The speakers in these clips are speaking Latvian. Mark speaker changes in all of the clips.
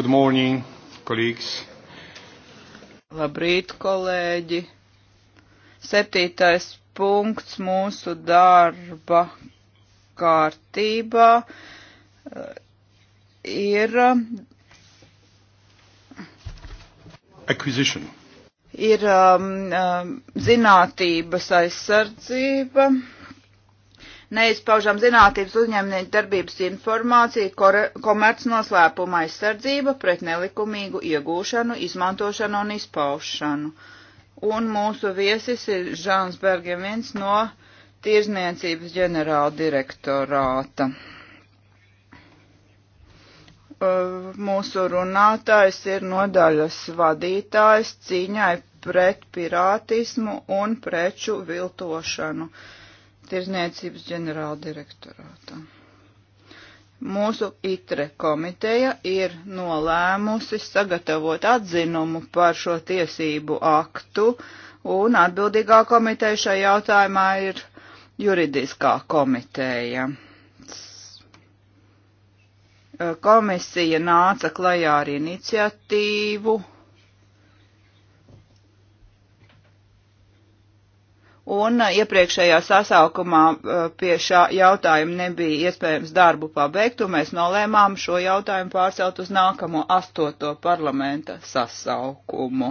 Speaker 1: Good
Speaker 2: morning, colleagues. Labrīt, kolēģi. Septītais punkts mūsu darba kārtībā uh, ir
Speaker 3: acquisition.
Speaker 2: Ir um, um, zinātības aizsardzība neizpaužam zinātības uzņēmnieku darbības informācija, komerc noslēpuma aizsardzība pret nelikumīgu iegūšanu, izmantošanu un izpaušanu. Un mūsu viesis ir Žāns Bergevins no Tirzniecības ģenerāla direktorāta. Uh, mūsu runātājs ir nodaļas vadītājs cīņai pret pirātismu un preču viltošanu. Uh, tirzniecības ģenerāla direktorātā. Mūsu itre komiteja ir nolēmusi sagatavot atzinumu par šo tiesību aktu, un atbildīgā komiteja šajā jautājumā ir juridiskā komiteja. Komisija nāca klajā ar iniciatīvu un uh, iepriekšējā sasaukumā uh, pie šā jautājuma nebija iespējams darbu pabeigt, un mēs nolēmām šo jautājumu pārcelt uz nākamo astoto parlamenta sasaukumu.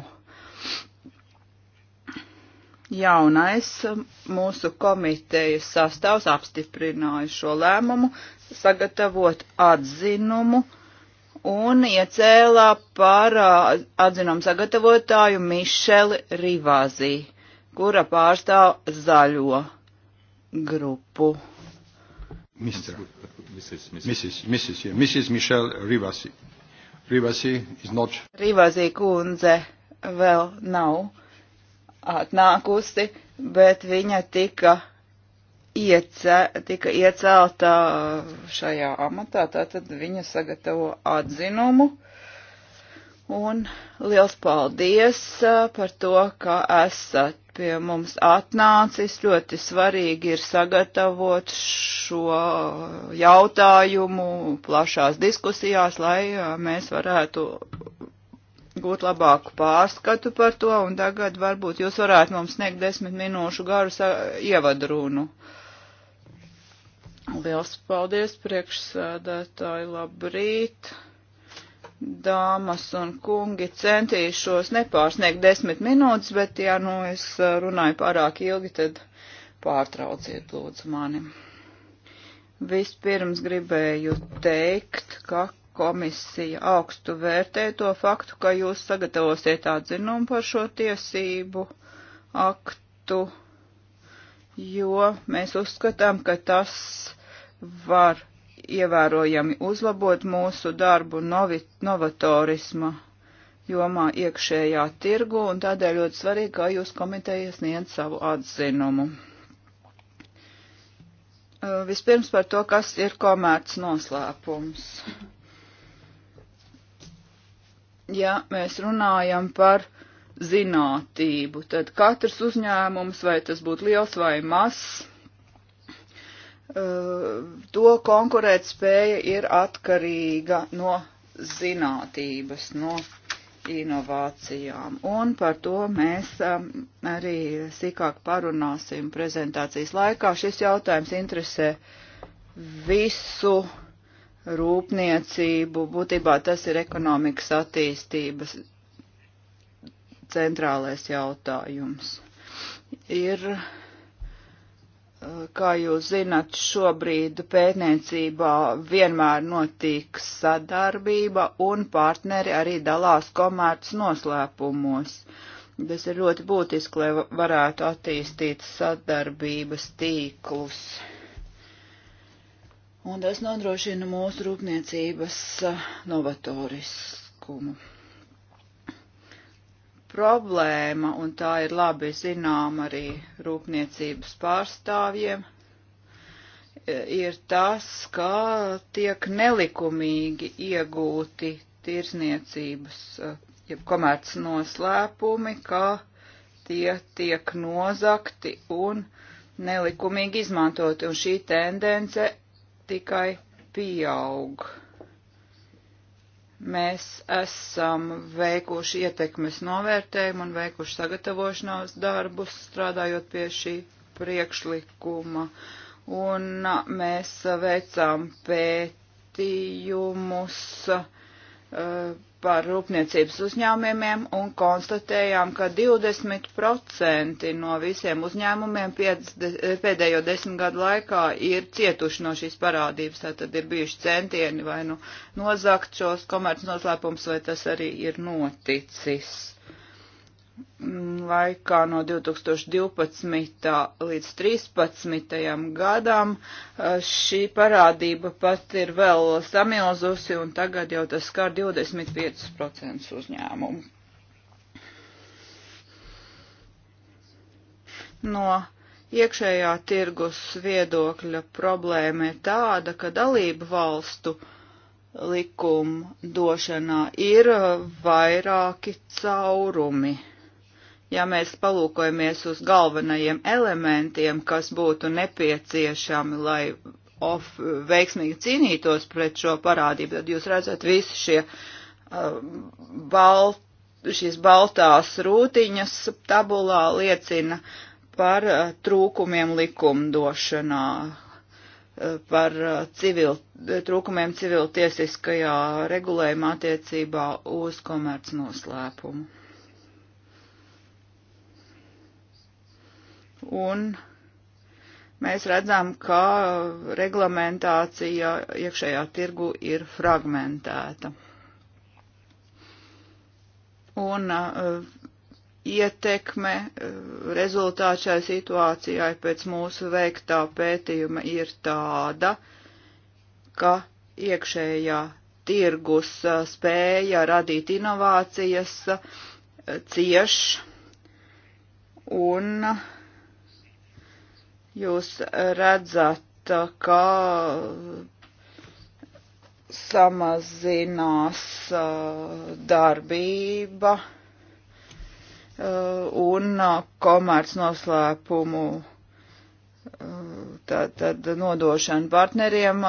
Speaker 2: Jaunais um, mūsu komitejas sastāvs apstiprināja šo lēmumu sagatavot atzinumu un iecēlā par uh, atzinumu sagatavotāju Mišeli Rivāziju kura pārstāv zaļo grupu.
Speaker 3: Mr. Mrs. Mrs. Mrs. Yeah. Mrs. Michelle Rivasi. Rivasi
Speaker 1: is not.
Speaker 2: Rivasi kundze vēl nav atnākusi, bet viņa tika, iece, tika iecelta šajā amatā, tātad viņa sagatavo atzinumu. Uh, Un liels paldies uh, par to, ka esat pie mums atnācis. Ļoti svarīgi ir sagatavot šo jautājumu plašās diskusijās, lai uh, mēs varētu gūt labāku pārskatu par to. Un tagad varbūt jūs varētu mums sniegt desmit minūšu garu ievadrunu. Liels paldies priekšsēdētāji, labrīt! dāmas un kungi, centīšos nepārsniegt desmit minūtes, bet ja nu es runāju pārāk ilgi, tad pārtrauciet lūdzu mani. Vispirms gribēju teikt, ka komisija augstu vērtē to faktu, ka jūs sagatavosiet atzinumu par šo tiesību aktu, jo mēs uzskatām, ka tas var ievērojami uzlabot mūsu darbu novi, novatorisma jomā iekšējā tirgu, un tādēļ ļoti svarīgi, kā jūs komiteja sniedz savu atzinumu. Uh, vispirms par to, kas ir komerc noslēpums. Ja mēs runājam par zinātību, tad katrs uzņēmums, vai tas būtu liels vai mazs, to konkurētspēja ir atkarīga no zinātības, no inovācijām. Un par to mēs um, arī sīkāk parunāsim prezentācijas laikā. Šis jautājums interesē visu rūpniecību. Būtībā tas ir ekonomikas attīstības centrālais jautājums. Ir Kā jūs zināt, šobrīd pētniecībā vienmēr notiek sadarbība un partneri arī dalās komērts noslēpumos. Tas ir ļoti būtiski, lai varētu attīstīt sadarbības tīklus. Un tas nodrošina mūsu rūpniecības novatoriskumu problēma, un tā ir labi zinām arī rūpniecības pārstāvjiem, e, ir tas, kā tiek nelikumīgi iegūti tirzniecības, e, jeb komerc noslēpumi, kā tie tiek nozakti un nelikumīgi izmantoti, un šī tendence tikai pieaug. Mēs esam veikuši ietekmes novērtējumu un veikuši sagatavošanās darbus, strādājot pie šī priekšlikuma. Un mēs veicām pētījumus. Uh, par rūpniecības uzņēmumiem un konstatējām, ka 20% no visiem uzņēmumiem pēdējo desmit gadu laikā ir cietuši no šīs parādības. Tātad ir bijuši centieni vai nu nozakt šos komercnoslēpumus, vai tas arī ir noticis laikā no 2012. līdz 2013. gadam eh, šī parādība pat ir vēl samilzusi un tagad jau tas skar 25% uzņēmumu. No iekšējā tirgus viedokļa problēma ir tāda, ka dalību valstu likumdošanā ir vairāki caurumi ja mēs palūkojamies uz galvenajiem elementiem, kas būtu nepieciešami, lai of, veiksmīgi cīnītos pret šo parādību, tad jūs redzat visi šie uh, balt, šīs baltās rūtiņas tabulā liecina par uh, trūkumiem likumdošanā, uh, par uh, civil, trūkumiem civiltiesiskajā regulējumā attiecībā uz komercnoslēpumu. un mēs redzam, ka reglamentācija iekšējā tirgu ir fragmentēta. Un uh, ietekme uh, rezultātā šai situācijai pēc mūsu veiktā pētījuma ir tāda, ka iekšējā tirgus uh, spēja radīt inovācijas cieš un uh, jūs redzat, ka samazinās uh, darbība uh, un uh, komerc noslēpumu tad, tad nodošana partneriem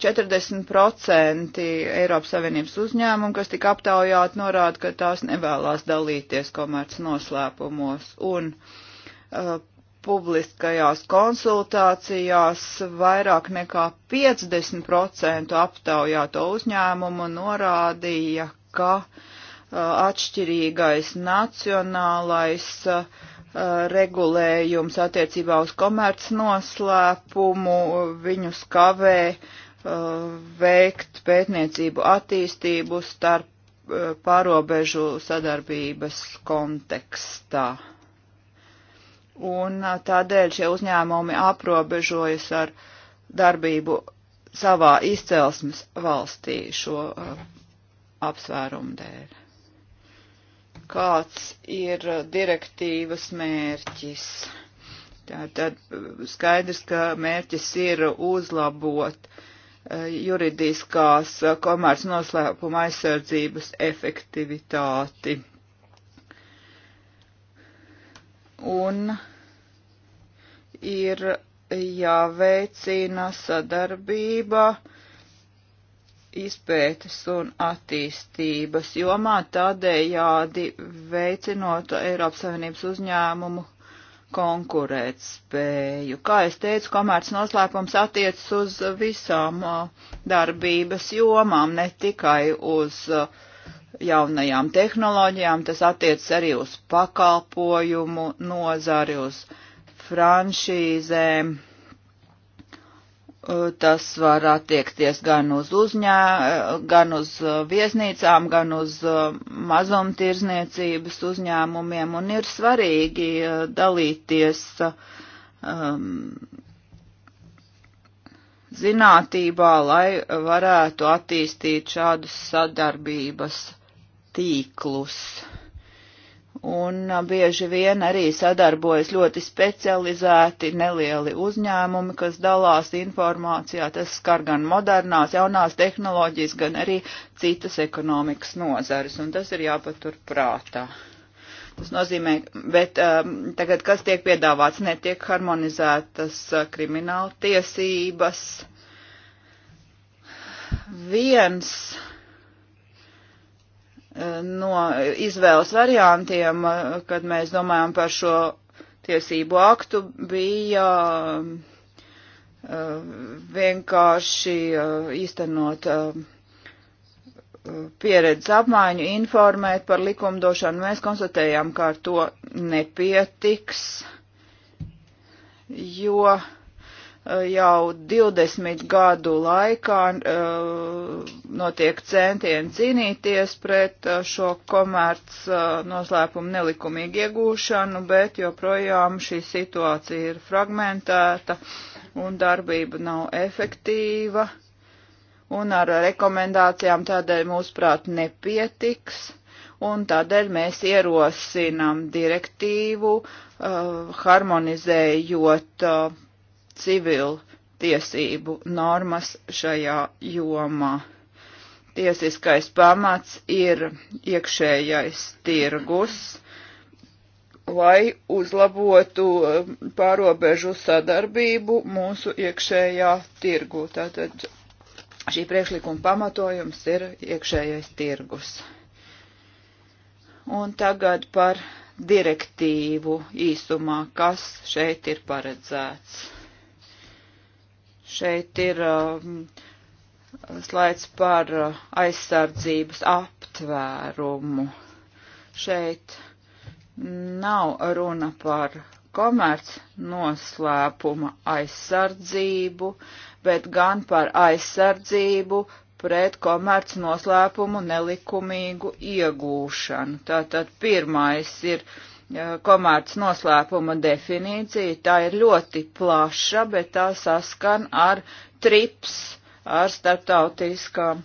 Speaker 2: 40% Eiropas Savienības uzņēmumu, kas tika aptaujāti, norāda, ka tās nevēlās dalīties komerc noslēpumos. Un publiskajās konsultācijās vairāk nekā 50% aptaujāto uzņēmumu norādīja, ka uh, atšķirīgais nacionālais uh, regulējums attiecībā uz komerc noslēpumu viņu skavē uh, veikt pētniecību attīstību starp pārobežu sadarbības kontekstā un tādēļ šie uzņēmumi aprobežojas ar darbību savā izcelsmes valstī šo uh, apsvērumu dēļ. Kāds ir direktīvas mērķis? Tātad skaidrs, ka mērķis ir uzlabot uh, juridiskās uh, komērts noslēpuma aizsardzības efektivitāti. Un uh, ir jāveicina sadarbība izpētes un attīstības jomā tādējādi veicinot Eiropas Savienības uzņēmumu konkurēt spēju. Kā es teicu, komerc noslēpums attiecas uz visām darbības jomām, ne tikai uz jaunajām tehnoloģijām, tas attiecas arī uz pakalpojumu nozari, uz uh, franšīzēm. Uh, tas var attiekties gan uz uzņē, gan uz uh, viesnīcām, gan uz uh, mazumtirzniecības uzņēmumiem, un ir svarīgi dalīties um, zinātībā, lai varētu attīstīt šādus sadarbības tīklus un bieži vien arī sadarbojas ļoti specializēti nelieli uzņēmumi, kas dalās informācijā. Tas skar gan modernās, jaunās tehnoloģijas, gan arī citas ekonomikas nozares, un tas ir jāpatur prātā. Tas nozīmē, bet um, tagad, kas tiek piedāvāts, netiek harmonizētas krimināla tiesības. Viens no izvēles variantiem, kad mēs domājam par šo tiesību aktu, bija eh, vienkārši eh, īstenot eh, pieredzes apmaiņu, informēt par likumdošanu. Mēs konstatējām, ka ar to nepietiks, jo uh, jau 20 gadu laikā uh, notiek centieni cīnīties pret uh, šo komerc uh, noslēpumu nelikumīgu iegūšanu, bet joprojām šī situācija ir fragmentēta un darbība nav efektīva. Un ar rekomendācijām tādēļ mūsuprāt nepietiks un tādēļ mēs ierosinām direktīvu, uh, harmonizējot uh, civilu tiesību normas šajā jomā. Tiesiskais pamats ir iekšējais tirgus, lai uzlabotu um, pārobežu sadarbību mūsu iekšējā tirgu. Tātad šī priekšlikuma pamatojums ir iekšējais tirgus. Un tagad par direktīvu īsumā, kas šeit ir paredzēts Šeit ir um, slaids par uh, aizsardzības aptvērumu. Šeit nav runa par komerc noslēpuma aizsardzību, bet gan par aizsardzību pret komerc noslēpumu nelikumīgu iegūšanu. Tātad pirmais ir uh, komārts noslēpuma definīcija. Tā ir ļoti plaša, bet tā saskan ar trips, ar starptautiskām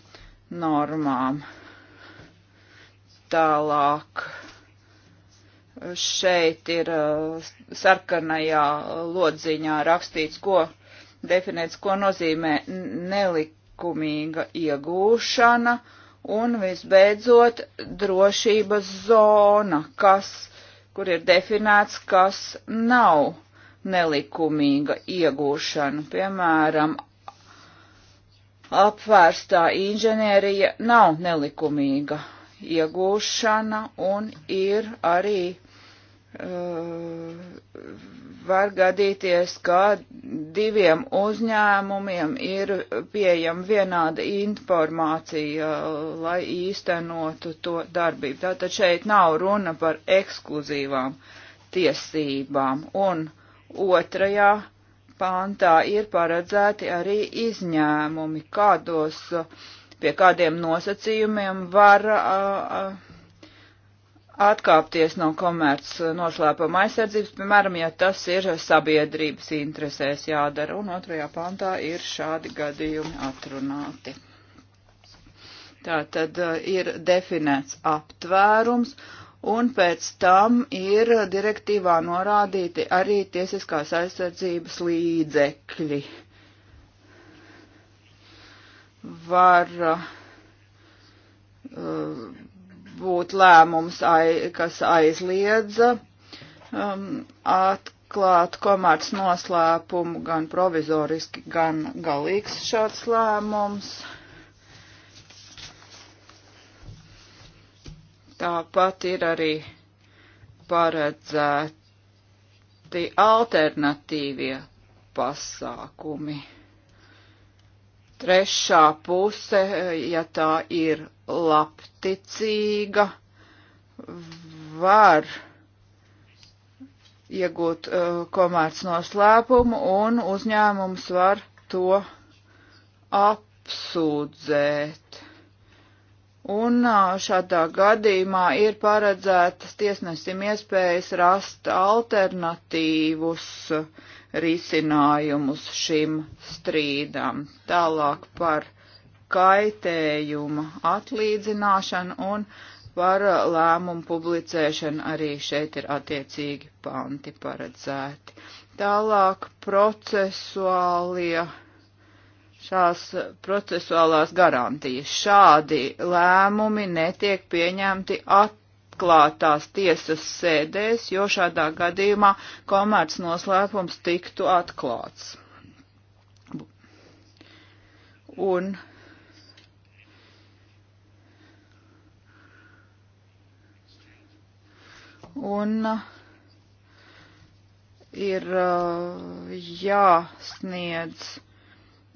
Speaker 2: normām. Tālāk šeit ir uh, sarkanajā lodziņā rakstīts, ko definēts, ko nozīmē nelikumīga iegūšana un visbeidzot drošības zona, kas kur ir definēts, kas nav nelikumīga iegūšana. Piemēram, apvērstā inženierija nav nelikumīga iegūšana un ir arī Eh, var gadīties, ka diviem uzņēmumiem ir pieejama vienāda informācija, eh, lai īstenotu to darbību. Tātad šeit nav runa par ekskluzīvām tiesībām. Un otrajā pāntā ir paredzēti arī izņēmumi, kādos, pie kādiem nosacījumiem var. Uh, uh, atkāpties no komerc noslēpuma aizsardzības, piemēram, ja tas ir sabiedrības interesēs jādara, un otrajā pantā ir šādi gadījumi atrunāti. Tā tad uh, ir definēts aptvērums, un pēc tam ir direktīvā norādīti arī tiesiskās aizsardzības līdzekļi. Var uh, būt lēmums, ai, kas aizliedza um, atklāt komats noslēpumu gan provizoriski, gan galīgs šāds lēmums. Tāpat ir arī paredzēti alternatīvie pasākumi. Trešā puse, ja tā ir labticīga, var iegūt uh, komerc noslēpumu un uzņēmums var to apsūdzēt. Un uh, šādā gadījumā ir paredzētas tiesnesim iespējas rast alternatīvus risinājumus šim strīdam. Tālāk par kaitējuma atlīdzināšanu un par lēmumu publicēšanu arī šeit ir attiecīgi panti paredzēti. Tālāk procesuālie, šās procesuālās garantijas. Šādi lēmumi netiek pieņemti atklātās tiesas sēdēs, jo šādā gadījumā komerc noslēpums tiktu atklāts. Un un uh, ir uh, jāsniedz.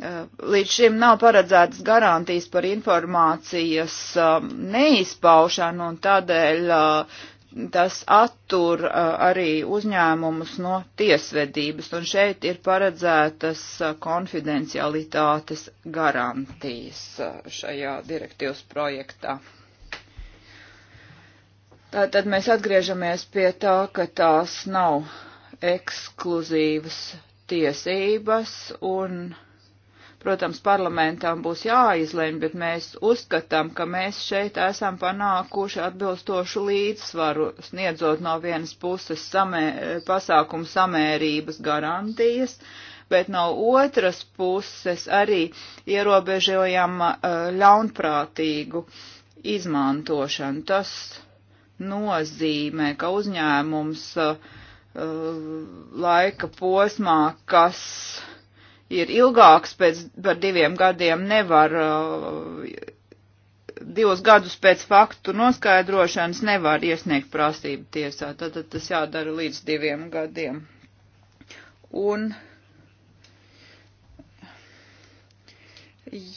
Speaker 2: Uh, līdz šim nav paredzētas garantijas par informācijas um, neizpaušanu un tādēļ tas attur arī uzņēmumus no tiesvedības, un šeit ir paredzētas konfidencialitātes garantijas šajā direktīvas projektā. Tātad mēs atgriežamies pie tā, ka tās nav ekskluzīvas tiesības un, protams, parlamentam būs jāizlemj, bet mēs uzskatām, ka mēs šeit esam panākuši atbilstošu līdzsvaru, sniedzot no vienas puses samē, pasākumu samērības garantijas, bet no otras puses arī ierobežojam eh, ļaunprātīgu izmantošanu. Tas nozīmē, ka uzņēmums uh, laika posmā, kas ir ilgāks pēc par diviem gadiem, nevar uh, divus gadus pēc faktu noskaidrošanas nevar iesniegt prasību tiesā. Tad, tad tas jādara līdz diviem gadiem. Un,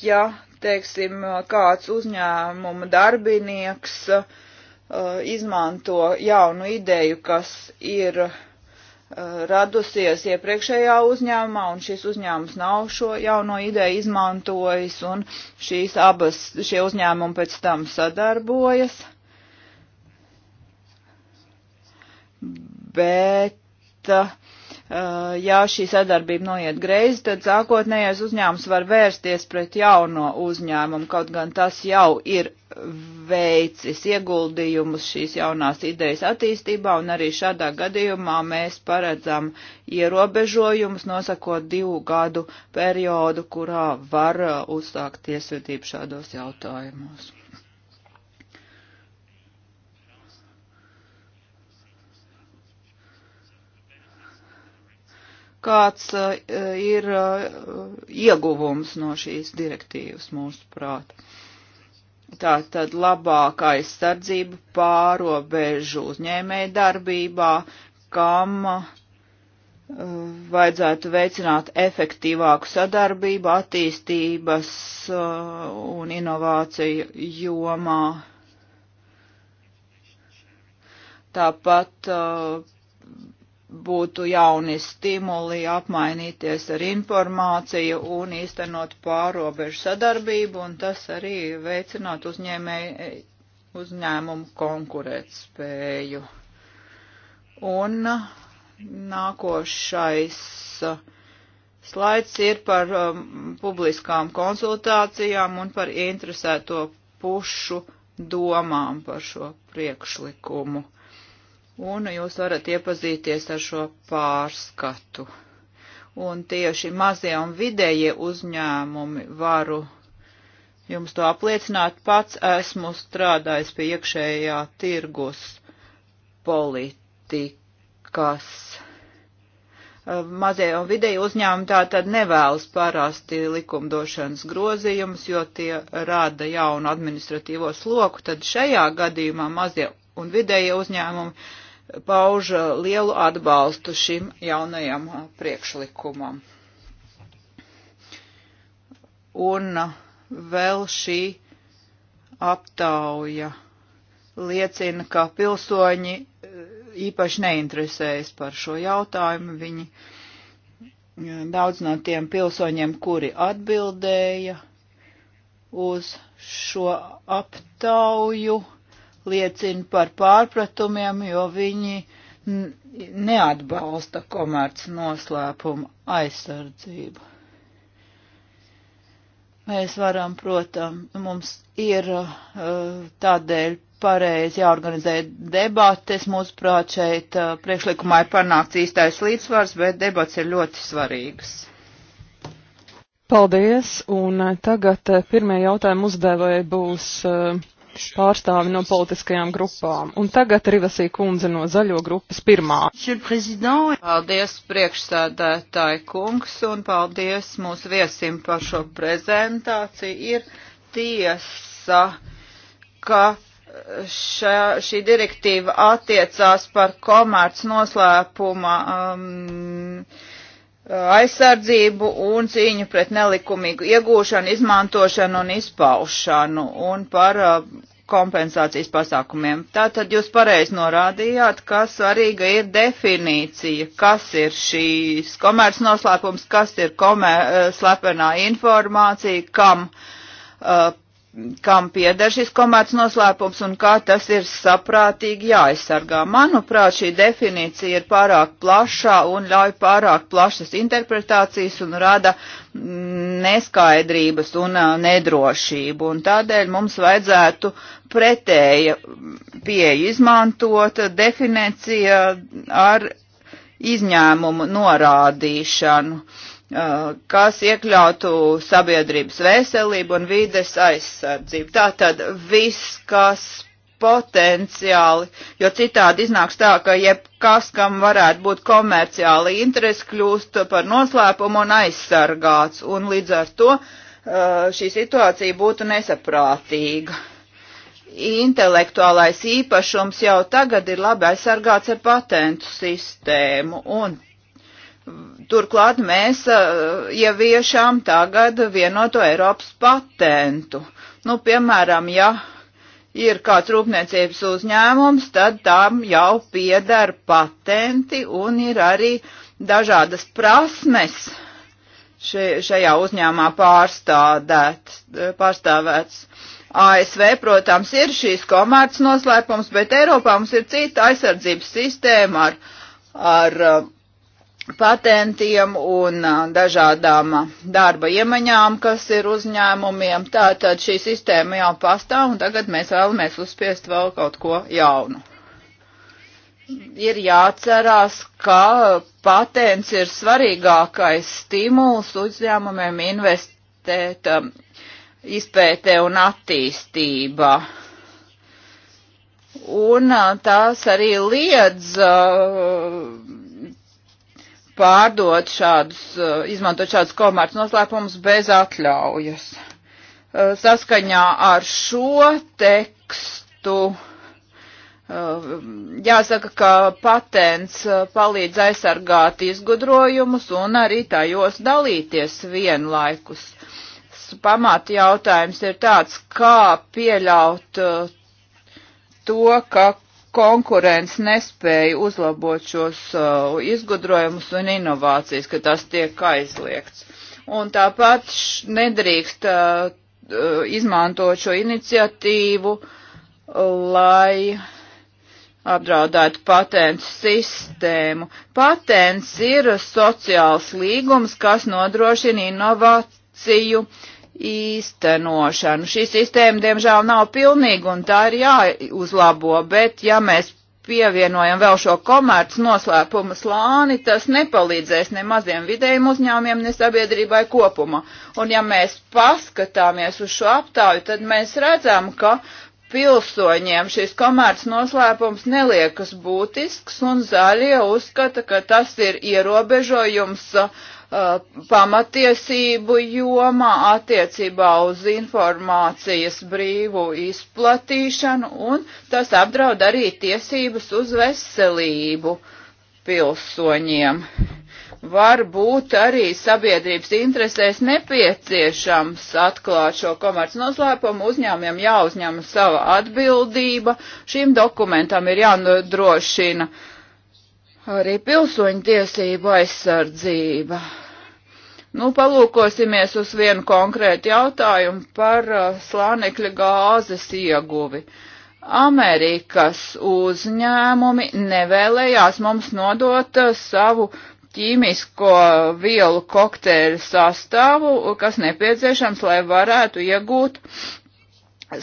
Speaker 2: ja, teiksim, kāds uzņēmuma darbinieks uh, Uh, izmanto jaunu ideju, kas ir uh, radusies iepriekšējā uzņēmumā, un šis uzņēmums nav šo jauno ideju izmantojis, un šīs abas, šie uzņēmumi pēc tam sadarbojas. Bet, uh, ja šī sadarbība noiet greizi, tad sākotnējais uzņēmums var vērsties pret jauno uzņēmumu, kaut gan tas jau ir veicis ieguldījumus šīs jaunās idejas attīstībā, un arī šādā gadījumā mēs paredzam ierobežojumus, nosakot divu gadu periodu, kurā var uh, uzsākt tiesvedību šādos jautājumos. Kāds uh, ir uh, ieguvums no šīs direktīvas mūsu prāta? Tā tad labāka aizsardzība pārobežu uzņēmēju darbībā, kam uh, vajadzētu veicināt efektīvāku sadarbību attīstības uh, un inovāciju jomā. Tāpat uh, būtu jauni stimuli apmainīties ar informāciju un īstenot pārobežu sadarbību, un tas arī veicināt uzņēmēju uzņēmumu konkurētspēju. Un nākošais slaids ir par um, publiskām konsultācijām un par interesēto pušu domām par šo priekšlikumu un jūs varat iepazīties ar šo pārskatu. Un tieši mazie un vidējie uzņēmumi varu jums to apliecināt. Pats esmu strādājis pie iekšējā tirgus politikas. Ehm, mazie un vidēji uzņēmumi tā tad nevēlas parasti likumdošanas grozījumus, jo tie rada jaunu administratīvo sloku, tad šajā gadījumā mazie un vidēji uzņēmumi pauž uh, lielu atbalstu šim jaunajam uh, priekšlikumam. Un uh, vēl šī aptauja liecina, ka pilsoņi īpaši neinteresējas par šo jautājumu. Viņi daudz no tiem pilsoņiem, kuri atbildēja uz šo aptauju, liecina par pārpratumiem, jo viņi neatbalsta komerc noslēpuma aizsardzību. Mēs varam, protams, mums ir uh, tādēļ pareizi jāorganizē debates. Mūsuprāt, šeit uh, priekšlikumā ir panākts īstais līdzsvars, bet debats ir ļoti svarīgs.
Speaker 3: Paldies, un tagad uh, pirmie jautājumi uzdevēji būs uh, pārstāvi no politiskajām grupām. Un tagad Rivasī kundze no zaļo grupas pirmā.
Speaker 2: Paldies priekšsēdētāji kungs un paldies mūsu viesim par šo prezentāciju. Ir tiesa, ka šā, šī direktīva attiecās par komērts noslēpuma um, aizsardzību un cīņu pret nelikumīgu iegūšanu, izmantošanu un izpaušanu un par uh, kompensācijas pasākumiem. Tātad jūs pareizi norādījāt, ka svarīga ir definīcija, kas ir šīs komerces noslēpums, kas ir komer, uh, slepenā informācija, kam uh, kam pieder šis komerc noslēpums un kā tas ir saprātīgi jāaizsargā. Manuprāt, šī definīcija ir pārāk plašā un ļauj pārāk plašas interpretācijas un rada mm, neskaidrības un nedrošību. Un tādēļ mums vajadzētu pretēja mm, pieeja izmantot definīcija ar izņēmumu norādīšanu. Uh, Uh, kas iekļautu sabiedrības veselību un vides aizsardzību. Tātad viss, kas potenciāli, jo citādi iznāks tā, ka jebkas, kam varētu būt komerciāli interesi, kļūst par noslēpumu un aizsargāts, un līdz ar to uh, šī situācija būtu nesaprātīga. Intelektuālais īpašums jau tagad ir labi aizsargāts ar patentu sistēmu, un Turklāt mēs ieviešām tagad vienoto Eiropas patentu. Nu, piemēram, ja ir kāds rūpniecības uzņēmums, tad tam jau pieder patenti un ir arī dažādas prasmes šajā uzņēmumā pārstāvēts. ASV, protams, ir šīs komerces noslēpums, bet Eiropā mums ir cita aizsardzības sistēma ar, ar patentiem un dažādām darba iemaņām, kas ir uzņēmumiem. Tātad šī sistēma jau pastāv un tagad mēs vēlamies uzspiest vēl kaut ko jaunu. Ir jāatcerās, ka patents ir svarīgākais stimuls uzņēmumiem investēt izpētē un attīstībā. Un tās arī liedz uh, pārdot šādus, eh, izmantot šādus komerc noslēpumus bez atļaujas. Eh, saskaņā ar šo tekstu eh, jāsaka, ka patents palīdz aizsargāt izgudrojumus un arī tajos dalīties vienlaikus. Pamata jautājums ir tāds, kā pieļaut to, ka konkurence nespēja uzlabot šos uh, izgudrojumus un inovācijas, ka tas tiek aizliegts. Un tāpat nedrīkst uh, uh, izmantot šo iniciatīvu, lai apdraudētu patentu sistēmu. Patents ir sociāls līgums, kas nodrošina inovāciju uh, īstenošanu. Šī sistēma, diemžēl, nav pilnīga un tā ir jāuzlabo, bet ja mēs pievienojam vēl šo komerc noslēpuma slāni, tas nepalīdzēs ne maziem vidējiem uzņēmumiem, ne sabiedrībai kopumā. Un ja mēs paskatāmies uz šo aptāju, tad mēs redzam, ka pilsoņiem šis komerc noslēpums neliekas būtisks un zaļie uzskata, ka tas ir ierobežojums uh, Uh, pamatiesību jomā attiecībā uz informācijas brīvu izplatīšanu, un tas apdraud arī tiesības uz veselību pilsoņiem. Varbūt arī sabiedrības interesēs nepieciešams atklāt šo komerc noslēpumu, uzņēmiem jāuzņem sava atbildība, šim dokumentam ir jānodrošina uh, arī pilsoņu tiesību aizsardzība. Nu, palūkosimies uz vienu konkrētu jautājumu par uh, slānekļa gāzes ieguvi. Amerikas uzņēmumi nevēlējās mums nodot uh, savu ķīmisko vielu kokteļu sastāvu, kas nepieciešams, lai varētu iegūt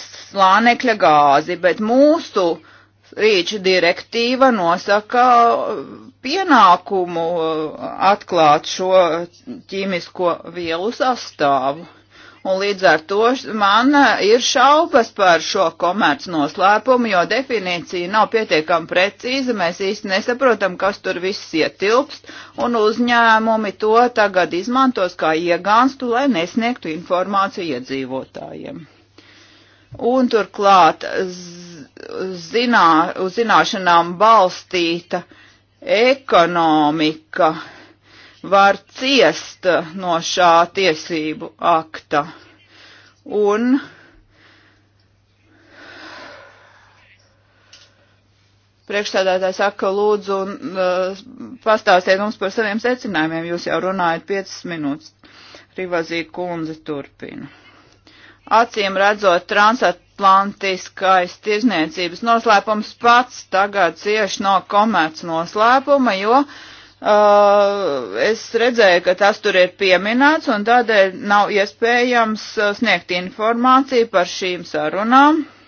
Speaker 2: slānekļa gāzi, bet mūsu uh, Rīča direktīva nosaka pienākumu uh, atklāt šo ķīmisko vielu sastāvu. Un līdz ar to man uh, ir šaubas par šo komerc noslēpumu, jo definīcija nav pietiekami precīza, mēs īsti nesaprotam, kas tur viss ietilpst, un uzņēmumi to tagad izmantos kā iegānstu, lai nesniegtu informāciju iedzīvotājiem un turklāt zinā, uz zināšanām balstīta ekonomika var ciest no šā tiesību akta. Un priekšstādātājs saka, lūdzu, un, uh, pastāstiet mums par saviem secinājumiem, jūs jau runājat 5 minūtes. Rivazī kundze turpina. Acīm redzot, transatlantiskais tirzniecības noslēpums pats tagad cieši no komerc noslēpuma, jo uh, es redzēju, ka tas tur ir pieminēts un tādēļ nav iespējams uh, sniegt informāciju par šīm sarunām. Uh,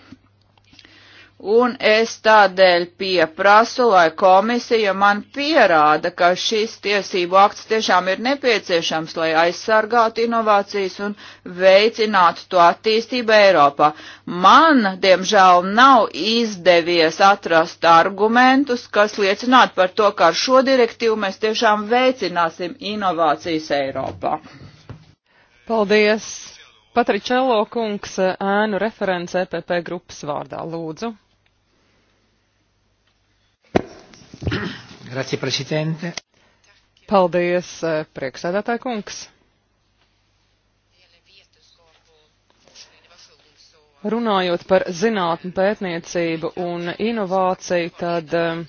Speaker 2: un es tādēļ pieprasu, lai komisija man pierāda, ka šis tiesību akts tiešām ir nepieciešams, lai aizsargātu inovācijas un veicinātu to attīstību Eiropā. Man, diemžēl, nav izdevies atrast argumentus, kas liecinātu par to, ka ar šo direktīvu mēs tiešām
Speaker 3: veicināsim inovācijas Eiropā. Paldies! Patričello kungs ēnu referents EPP grupas vārdā. Lūdzu. Grazie, prezidente. Paldies, eh, prieksēdētāja kungs. Runājot par zinātnu pētniecību un inovāciju, tad eh,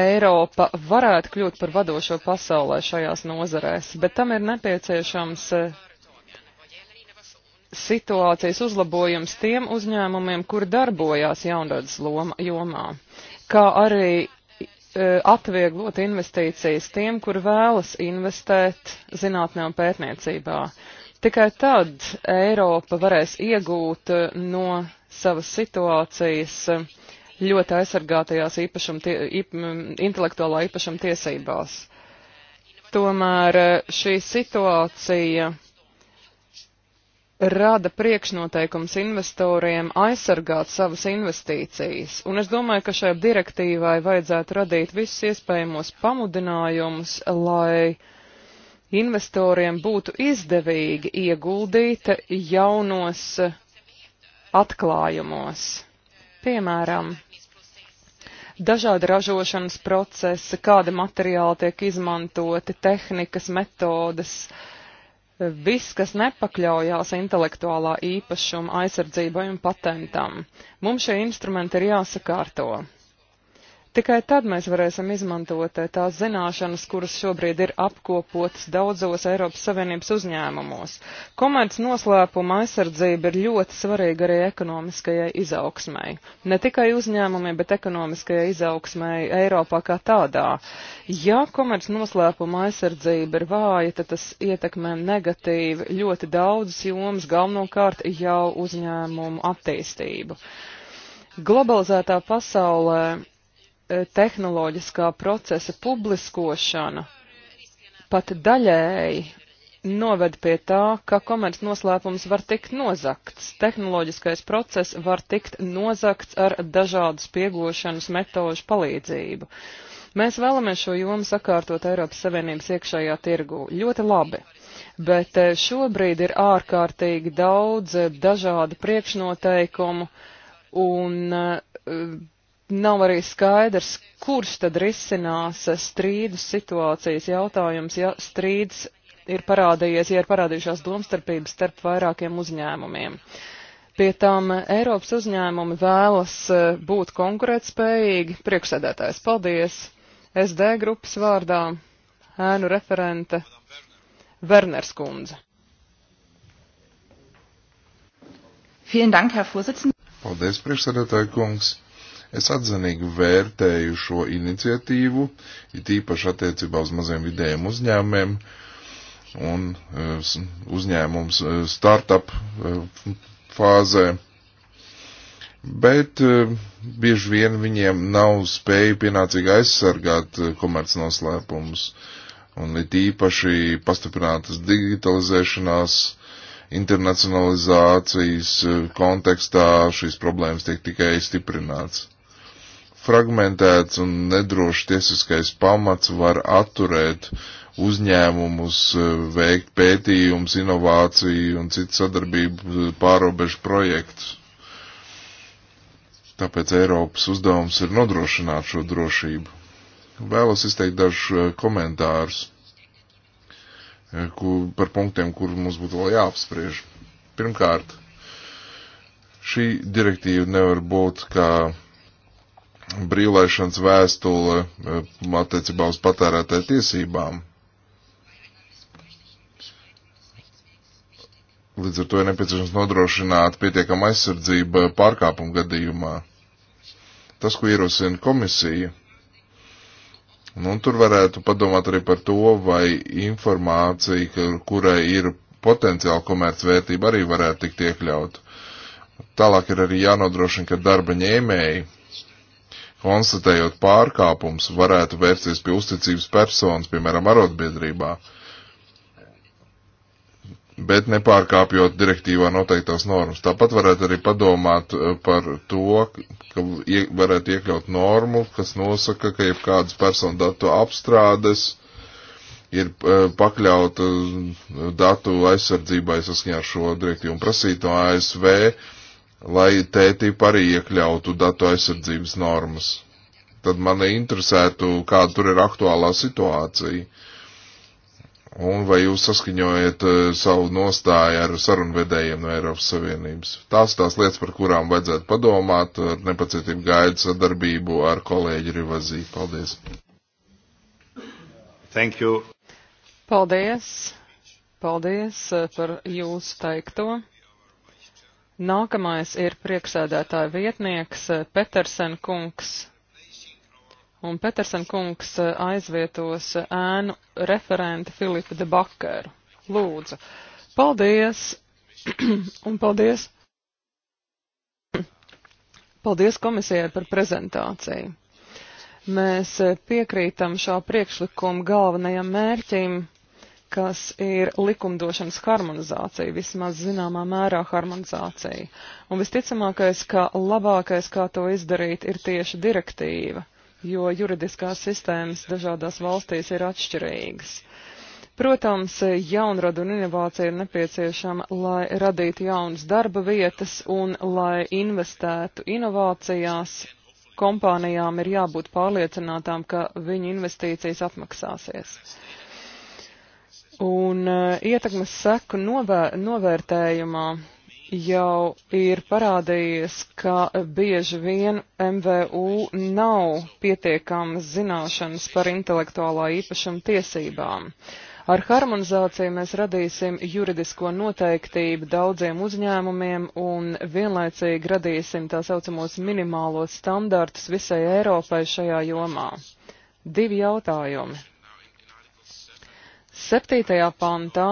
Speaker 3: Eiropa varētu kļūt par vadošo pasaulē šajās nozarēs, bet tam ir nepieciešams eh, situācijas uzlabojums tiem uzņēmumiem, kur darbojās jaunradas loma, jomā, kā arī E, atvieglot investīcijas tiem, kur vēlas investēt zinātnē un pētniecībā. Tikai tad Eiropa varēs iegūt e, no savas situācijas e, ļoti aizsargātajās īpašum, tie, īp, intelektuālā īpašuma tiesībās. Tomēr šī situācija rada priekšnoteikums investoriem aizsargāt savas investīcijas, un es domāju, ka šai direktīvai vajadzētu radīt visus iespējamos pamudinājumus, lai investoriem būtu izdevīgi ieguldīt jaunos atklājumos. Piemēram, dažādi ražošanas procesi, kādi materiāli tiek izmantoti, tehnikas, metodas, uh, viss, kas nepakļaujās intelektuālā īpašuma aizsardzībai un patentam. Mums šie instrumenti ir jāsakārto. Tikai tad mēs varēsim izmantot eh, tās zināšanas, kuras šobrīd ir apkopotas daudzos Eiropas Savienības uzņēmumos. Komerc noslēpuma aizsardzība ir ļoti svarīga arī ekonomiskajai izaugsmai. Ne tikai uzņēmumiem, bet ekonomiskajai izaugsmai Eiropā kā tādā. Ja komerc noslēpuma aizsardzība ir vāja, tad tas ietekmē negatīvi ļoti daudzas jomas, galvenokārt jau uzņēmumu attīstību. Globalizētā pasaulē E, tehnoloģiskā procesa publiskošana pat daļēji noved pie tā, ka komerc noslēpums var tikt nozakts. Tehnoloģiskais process var tikt nozakts ar dažādu spiegošanas metožu palīdzību. Mēs vēlamies šo jomu sakārtot Eiropas Savienības iekšējā tirgu. Ļoti labi. Bet e, šobrīd ir ārkārtīgi daudz e, dažādu priekšnoteikumu un nav arī skaidrs, kurš tad risinās strīdus situācijas jautājums, ja strīds ir parādījies, ja ir parādījušās domstarpības starp vairākiem uzņēmumiem. Pie tam Eiropas uzņēmumi vēlas e, būt konkurētspējīgi. Priekšsēdētājs, paldies! SD grupas vārdā ēnu referente Werners Kundze. Dank,
Speaker 1: Paldies, priekšsēdētāji kungs! Es atzinīgi vērtēju šo iniciatīvu, it īpaši attiecībā uz maziem vidējiem uzņēmumiem un e, uzņēmums e, startup e, fāzē. Bet bieži vien viņiem nav spēju pienācīgi aizsargāt komercnoslēpumus un it īpaši pastiprinātas digitalizēšanās internacionalizācijas kontekstā šīs problēmas tiek tikai stiprināts fragmentēts un nedrošs tiesiskais pamats var atturēt uzņēmumus, eh, veikt pētījums, inovāciju un citu sadarbību eh, pārobežu projektus. Tāpēc Eiropas uzdevums ir nodrošināt šo drošību. Vēlos izteikt dažus eh, komentārus kur, par punktiem, kur mums būtu vēl jāapspriež. Pirmkārt, šī direktīva nevar būt kā brīvlaišanas vēstule eh, attiecībā uz patērētāju tiesībām. Līdz ar to ir nepieciešams nodrošināt pietiekama aizsardzība pārkāpuma gadījumā. Tas, ko ierosina komisija, nu, tur varētu padomāt arī par to, vai informācija, kurai ir potenciāla komercvērtība, arī varētu tikt iekļaut. Tālāk ir arī jānodrošina, ka darba ņēmēji konstatējot pārkāpums, varētu vērsties pie uzticības personas, piemēram, arotbiedrībā, bet nepārkāpjot direktīvā noteiktās normas. Tāpat varētu arī padomāt eh, par to, ka varētu iekļaut normu, kas nosaka, ka jebkādas personu datu apstrādes ir eh, pakļauta datu aizsardzībai saskaņā ar šo direktīvu un prasīto ASV lai tētību arī iekļautu datu aizsardzības normas. Tad mani interesētu, kāda tur ir aktuālā situācija. Un vai jūs saskaņojat eh, savu nostāju ar sarunvedējiem no Eiropas Savienības? Tās tās lietas, par kurām vajadzētu padomāt, ar nepacietību gaidu sadarbību ar kolēģi Rivazī. Paldies! Thank you!
Speaker 3: Paldies! Paldies eh, par jūsu teikto! Nākamais ir prieksēdētāja vietnieks eh, Petersen kungs. Un Petersen kungs eh, aizvietos eh, ēnu referenti Filipa de Bakeru. Lūdzu. Paldies! un paldies! Paldies komisijai par prezentāciju. Mēs piekrītam šā priekšlikuma galvenajam mērķim kas ir likumdošanas harmonizācija, vismaz zināmā mērā harmonizācija. Un visticamākais, ka labākais, kā to izdarīt, ir tieši direktīva, jo juridiskās sistēmas dažādās valstīs ir atšķirīgas. Protams, jaunrada un inovācija ir nepieciešama, lai radītu jaunas darba vietas un lai investētu inovācijās. Kompānijām ir jābūt pārliecinātām, ka viņu investīcijas atmaksāsies. Un eh, ietekmes seku novēr novērtējumā jau ir parādījies, ka bieži vien MVU nav pietiekamas zināšanas par intelektuālā īpašuma tiesībām. Ar harmonizāciju mēs radīsim juridisko noteiktību daudziem uzņēmumiem un vienlaicīgi radīsim tā saucamos minimālos standartus visai Eiropai šajā jomā. Divi jautājumi. Septītajā pantā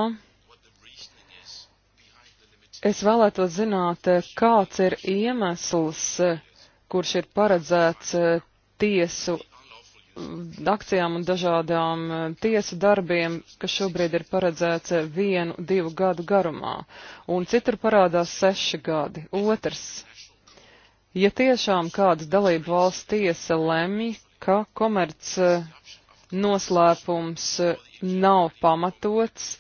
Speaker 3: es vēlētos zināt, kāds ir iemesls, kurš ir paredzēts eh, tiesu akcijām un dažādām eh, tiesu darbiem, kas šobrīd ir paredzēts eh, vienu, divu gadu garumā, un citur parādās seši gadi. Otrs, ja tiešām kāda dalība valsts tiesa lemj, ka komerc noslēpums eh, nav pamatots,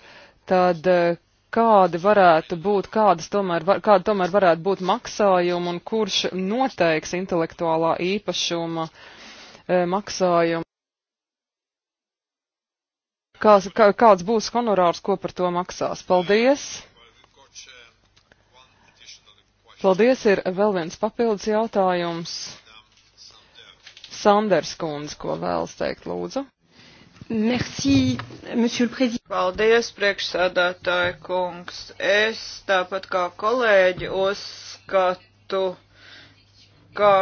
Speaker 3: tad eh, kādi varētu būt, kādas tomēr, var, kāda tomēr varētu būt maksājumi un kurš noteiks intelektuālā īpašuma e, maksājumu? Kāds, kā, kāds būs honorārs, ko par to maksās? Paldies! Paldies, ir vēl viens papildus jautājums. Sanders kundze, ko vēlas teikt, lūdzu. Merci, monsieur le président.
Speaker 2: Paldies, priekšsēdētāji kungs. Es, tāpat kā kolēģi, uzskatu, ka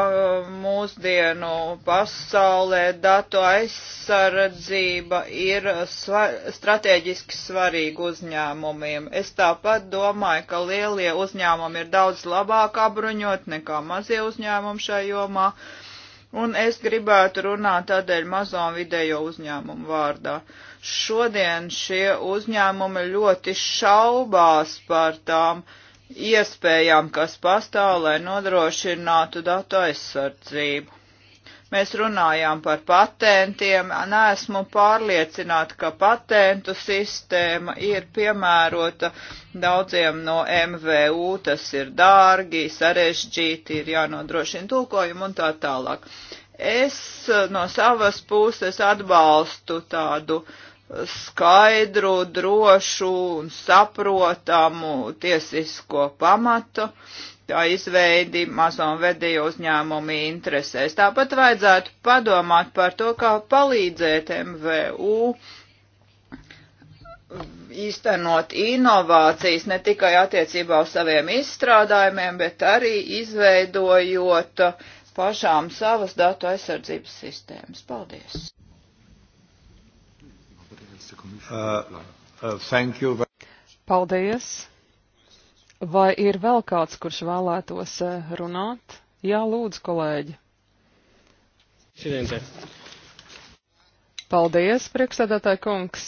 Speaker 2: mūsdienu pasaulē datu aizsardzība ir svar, strateģiski svarīga uzņēmumiem. Es tāpat domāju, ka lielie uzņēmumi ir daudz labāk apbruņot nekā mazie uzņēmumi šajā jomā. Uh, Un es gribētu runāt tādēļ mazo un vidējo uzņēmumu vārdā. Šodien šie uzņēmumi ļoti šaubās par tām iespējām, kas pastāv, lai nodrošinātu datu aizsardzību. Mēs runājām par patentiem. Neesmu pārliecināta, ka patentu sistēma ir piemērota daudziem no MVU. Tas ir dārgi, sarežģīti, ir jānodrošina tulkojumu un tā tālāk. Es no savas puses atbalstu tādu uh, skaidru, drošu un saprotamu tiesisko pamatu, tā izveidi mazo un vedīju uzņēmumu interesēs. Tāpat vajadzētu padomāt par to, kā palīdzēt MVU īstenot inovācijas ne tikai attiecībā uz saviem izstrādājumiem, bet arī izveidojot pašām savas datu aizsardzības sistēmas. Paldies! Uh, uh,
Speaker 3: Paldies! Vai ir vēl kāds, kurš vēlētos eh, runāt? Jā, lūdzu, kolēģi. Šidente. Paldies, priekšsēdētāji kungs.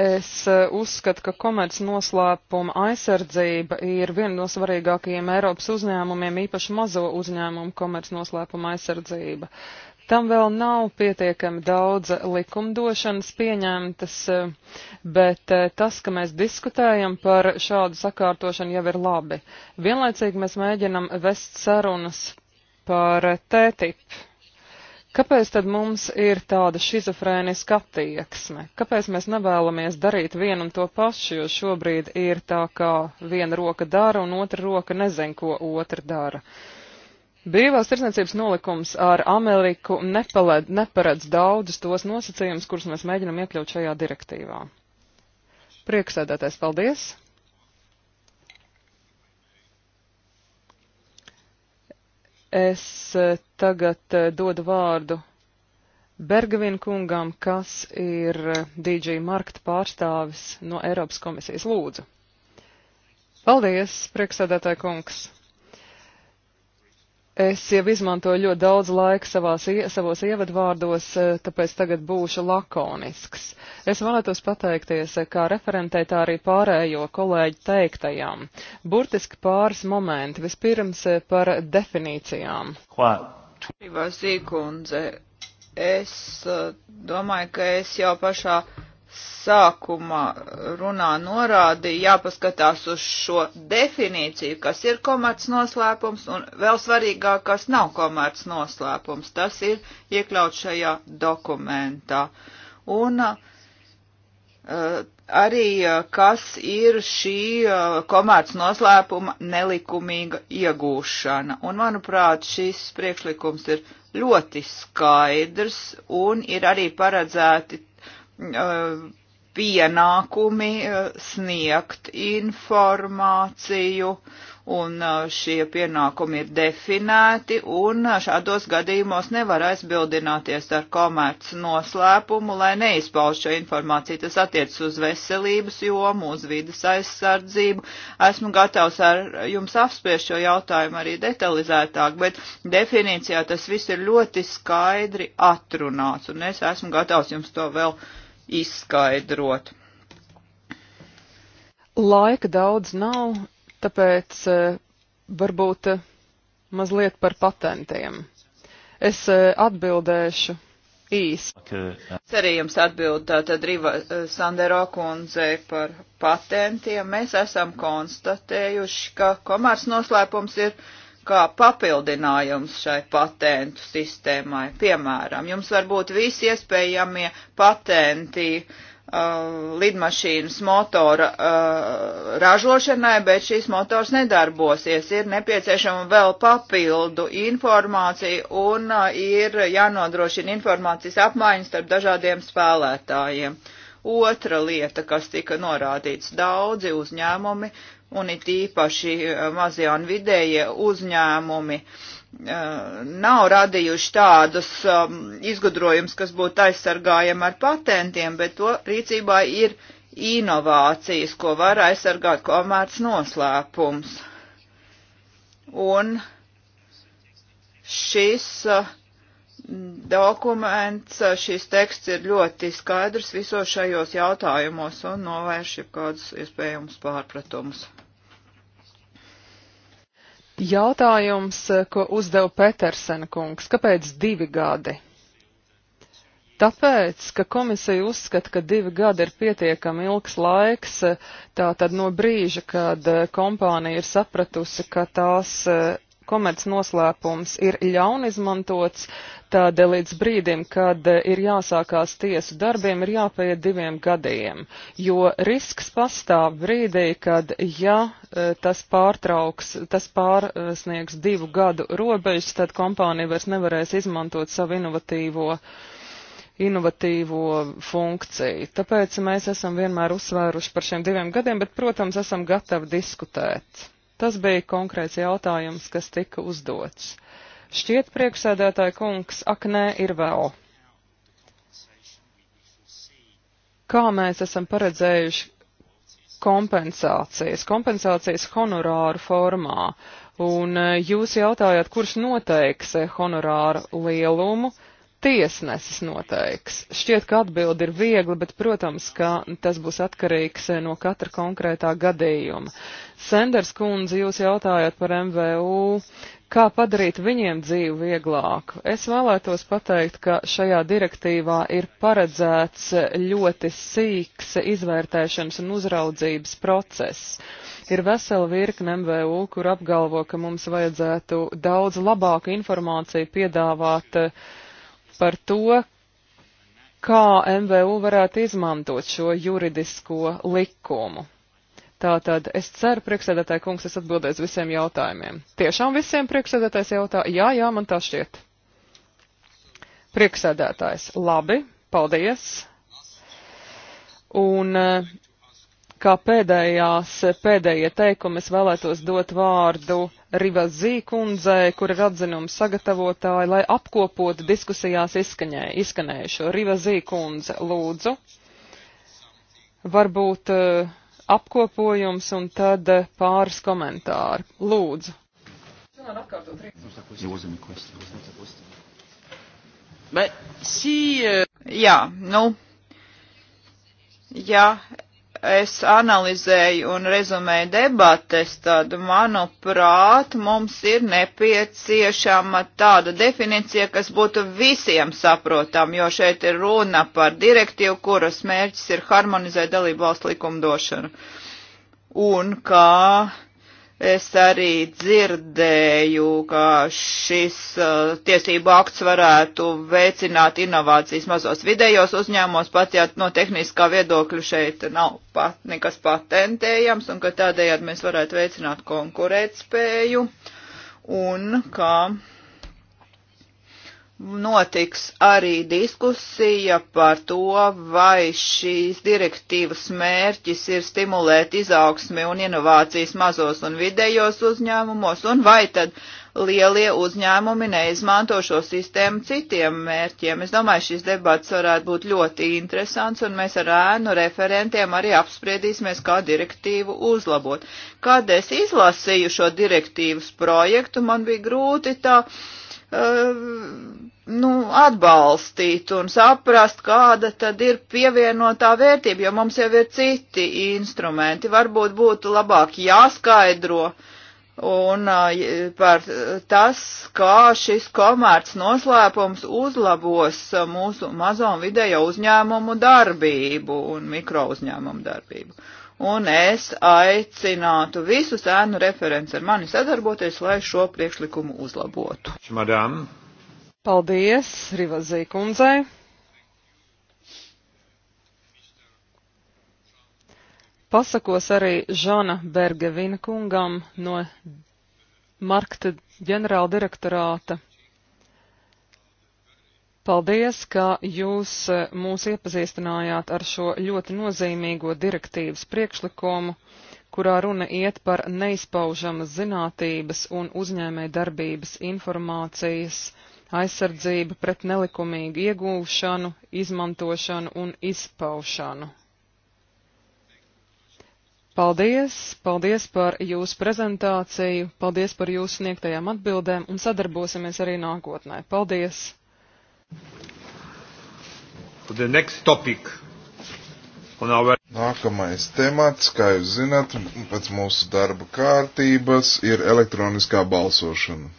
Speaker 3: Es eh, uzskatu, ka komerc noslēpuma aizsardzība ir viena no svarīgākajiem Eiropas uzņēmumiem, īpaši mazo uzņēmumu komerc noslēpuma aizsardzība. Uh, Tam vēl nav pietiekami daudz likumdošanas pieņemtas, bet eh, tas, ka mēs diskutējam par šādu sakārtošanu, jau ir labi. Vienlaicīgi mēs mēģinam vest sarunas par tētipu. Kāpēc tad mums ir tāda šizofrēniska attieksme? Kāpēc mēs nevēlamies darīt vienu un to pašu, jo šobrīd ir tā, kā viena roka dara un otra roka nezin, ko otra dara? Uh, Brīvās tirsniecības nolikums ar Ameriku nepaled, neparedz daudzus tos nosacījumus, kurus mēs mēģinam iekļaut šajā direktīvā. Prieksēdētais, paldies! Es eh, tagad eh, dodu vārdu Bergavin kungam, kas ir eh, DJ Markta pārstāvis no Eiropas komisijas. Lūdzu! Paldies, prieksēdētāji kungs! Es jau izmantoju ļoti daudz laika savās, savos ievadvārdos, e, tāpēc tagad būšu lakonisks. Es vēlētos pateikties, e, kā referentē tā arī pārējo kolēģi teiktajām. Burtiski pāris momenti, vispirms e, par definīcijām.
Speaker 2: Ivazī kundze, es domāju, ka es jau pašā sākuma runā norādīja, jāpaskatās uz šo definīciju, kas ir komerc noslēpums un vēl svarīgāk, kas nav komerc noslēpums. Tas ir iekļauts šajā dokumentā. Un uh, arī, uh, kas ir šī uh, komerc noslēpuma nelikumīga iegūšana. Un, manuprāt, šis priekšlikums ir ļoti skaidrs un ir arī paredzēti Uh, pienākumi uh, sniegt informāciju, un uh, šie pienākumi ir definēti, un šādos gadījumos nevar aizbildināties ar komerc noslēpumu, lai neizpauž šo informāciju. Tas attiec uz veselības jomu, uz vidas aizsardzību. Esmu gatavs ar jums apspriest šo jautājumu arī detalizētāk, bet definīcijā tas viss ir ļoti skaidri atrunāts, un es esmu gatavs jums to vēl izskaidrot.
Speaker 3: Laika daudz nav, tāpēc e, varbūt e, mazliet par patentiem. Es e, atbildēšu īsi.
Speaker 2: Es arī jums atbildu tātad Riva Sandero kundzei par patentiem. Mēs esam konstatējuši, ka komārs noslēpums ir kā papildinājums šai patentu sistēmai. Piemēram, jums var būt visi iespējamie patenti uh, lidmašīnas motora uh, ražošanai, bet šīs motors nedarbosies. Ir nepieciešama vēl papildu informācija un uh, ir jānodrošina informācijas apmaiņas starp dažādiem spēlētājiem. Otra lieta, kas tika norādīts, daudzi uzņēmumi uh, un it īpaši eh, mazie un vidējie uzņēmumi eh, nav radījuši tādus um, izgudrojumus, kas būtu aizsargājami ar patentiem, bet to rīcībā ir inovācijas, ko var aizsargāt komērts noslēpums. Un šis eh, dokuments, šis teksts ir ļoti skaidrs visos šajos jautājumos un novērš jau kādus iespējamus pārpratumus.
Speaker 3: Jautājums, eh, ko uzdeva Petersen kungs, kāpēc divi gadi? Tāpēc, ka komisija uzskata, ka divi gadi ir pietiekami ilgs laiks, eh, tā tad no brīža, kad eh, kompānija ir sapratusi, ka tās komerc noslēpums ir ļaun izmantots, tad līdz brīdim, kad ir jāsākās tiesu darbiem, ir jāpaiet diviem gadiem, jo risks pastāv brīdī, kad ja e, tas pārtrauks, tas pārsniegs divu gadu robežas, tad kompānija vairs nevarēs izmantot savu inovatīvo inovatīvo funkciju. Tāpēc mēs esam vienmēr uzsvēruši par šiem diviem gadiem, bet, protams, esam gatavi diskutēt. Tas bija konkrēts jautājums, kas tika uzdots. Šķiet, priekšsēdētāja kungs, ak nē, ir vēl. Kā mēs esam paredzējuši kompensācijas, kompensācijas honorāru formā, un eh, jūs jautājat, kurš noteiks eh, honorāru lielumu, tiesnesis noteiks. Šķiet, ka atbildi ir viegli, bet, protams, ka tas būs atkarīgs no katra konkrētā gadījuma. Senders kundze, jūs jautājat par MVU, kā padarīt viņiem dzīvi vieglāku. Es vēlētos pateikt, ka šajā direktīvā ir paredzēts ļoti sīks izvērtēšanas un uzraudzības process. Ir vesela virkne MVU, kur apgalvo, ka mums vajadzētu daudz labāku informāciju piedāvāt uh, par to, kā MVU varētu izmantot šo juridisko likumu. Tātad es ceru, priekšsēdētāji kungs, es atbildēšu visiem jautājumiem. Tiešām visiem priekšsēdētājs jautā, jā, jā, man tā šķiet. Priekšsēdētājs, labi, paldies. Un eh, kā pēdējās, pēdējie teikumi es vēlētos dot vārdu Rivazī kundzei, kur ir atzinuma sagatavotāja, lai apkopotu diskusijās izskaņē, izskanējušo. Rivazī kundze, lūdzu, varbūt eh, apkopojums un tad eh, pāris komentāri. Lūdzu. Bet, si, eh, jā,
Speaker 2: nu, ja es analizēju un rezumēju debates, tad, manuprāt, mums ir nepieciešama tāda definīcija, kas būtu visiem saprotam, jo šeit ir runa par direktīvu, kuras mērķis ir harmonizēt dalību valstu likumdošanu. Un kā uh, Es arī dzirdēju, ka šis uh, tiesību akts varētu veicināt inovācijas mazos vidējos uzņēmumos, pat ja no tehniskā viedokļa šeit nav pat nekas patentējams, un ka tādējādi mēs varētu veicināt konkurētspēju, un ka uh, notiks arī diskusija par to, vai šīs direktīvas mērķis ir stimulēt izaugsmi un inovācijas mazos un vidējos uzņēmumos, un vai tad lielie uzņēmumi neizmanto šo sistēmu citiem mērķiem. Es domāju, šis debats varētu būt ļoti interesants, un mēs ar ēnu referentiem arī apspriedīsimies, kā direktīvu uzlabot. Kad es izlasīju šo direktīvas projektu, man bija grūti tā Uh, nu, atbalstīt un saprast, kāda tad ir pievienotā vērtība, jo mums jau ir citi instrumenti. Varbūt būtu labāk jāskaidro un uh, par tas, kā šis komerc noslēpums uzlabos mūsu mazo un vidējo uzņēmumu darbību un mikro uzņēmumu darbību un es aicinātu visus ēnu referents ar mani sadarboties, lai šo priekšlikumu uzlabotu. Madam.
Speaker 3: Paldies, Rivazī kundzei. Pasakos arī Žana Bergevina kungam no Markta ģenerāldirektorāta Paldies, ka jūs eh, mūs iepazīstinājāt ar šo ļoti nozīmīgo direktīvas priekšlikumu, kurā runa iet par neizpaužamas zinātības un uzņēmē darbības informācijas aizsardzību pret nelikumīgu iegūšanu, izmantošanu un izpaušanu. Paldies, paldies par jūsu prezentāciju, paldies par jūsu sniegtajām atbildēm un sadarbosimies arī nākotnē. Paldies!
Speaker 2: The next topic
Speaker 1: on our... Nākamais temats, kā jūs zināt, pēc mūsu darba kārtības ir elektroniskā balsošana.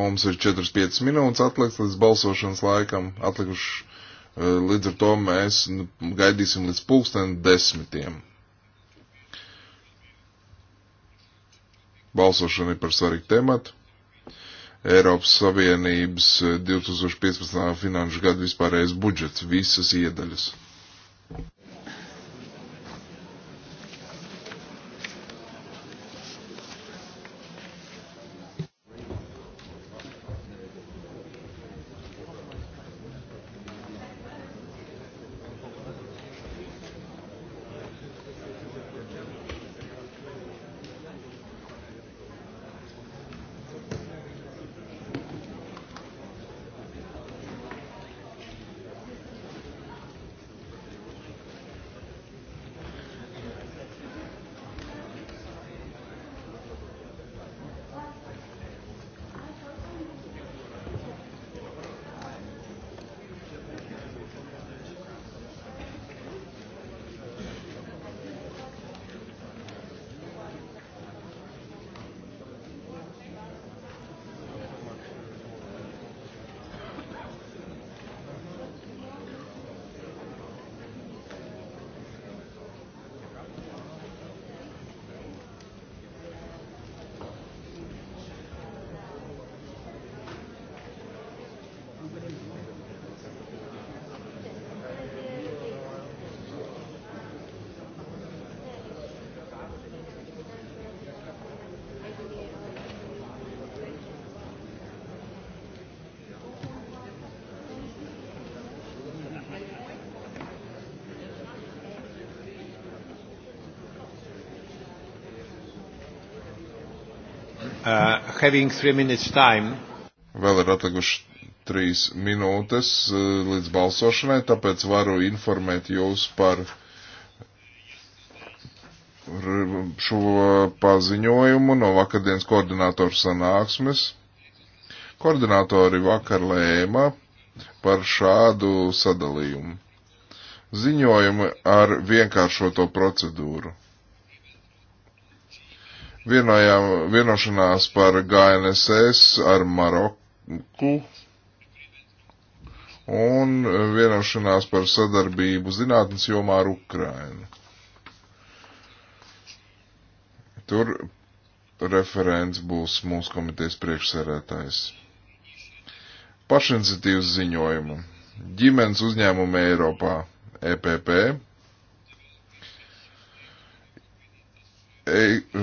Speaker 1: Mums ir 4-5 minūtes atliks līdz balsošanas laikam, atlikuši eh, līdz ar to mēs nu, gaidīsim līdz pulksten desmitiem. Balsošana ir par svarīgu tematu. Eiropas Savienības 2015. Eh, finanšu gadu vispārējais budžets, visas iedaļas. having three minutes time. Vēl ir atlikuši trīs minūtes eh, līdz balsošanai, tāpēc varu informēt jūs par šo paziņojumu no vakardienas koordinātoru sanāksmes. Koordinātori vakar lēma par šādu sadalījumu. Ziņojumi ar vienkāršoto procedūru vienojām, vienošanās par GNSS ar Maroku un vienošanās par sadarbību zinātnes jomā ar Ukrainu. Tur referents būs mūsu komitejas priekšsēdētājs. Pašiniciatīvas ziņojumu. Ģimenes uzņēmuma Eiropā EPP E, e,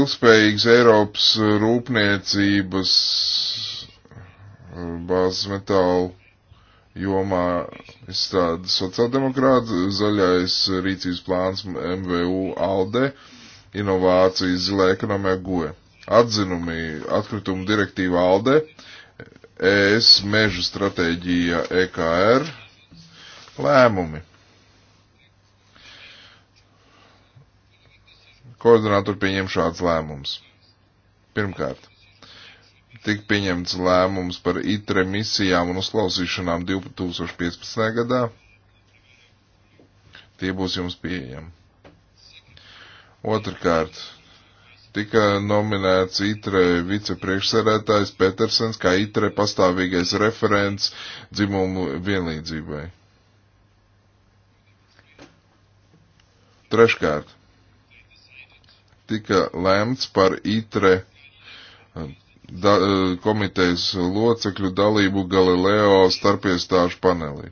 Speaker 1: ilgspējīgas Eiropas rūpniecības e, bāzes metālu jomā izstrāda sociāldemokrāta zaļais rīcības plāns MVU ALDE inovācijas zilē ekonomē goja. Atzinumi atkritumu direktīva ALDE, ES meža stratēģija EKR, lēmumi. Koordinātori pieņem šāds lēmums. Pirmkārt, tika pieņemts lēmums par ITRE misijām un uzklausīšanām 2015. gadā. Tie būs jums pieejami. Otrkārt, tika nominēts ITRE vicepriekšsēdētājs Petersens kā ITRE pastāvīgais referents dzimumu vienlīdzībai. Treškārt, tika lemts par ITRE eh, da, eh, komitejas locekļu dalību Galileo starpiestāžu panelī.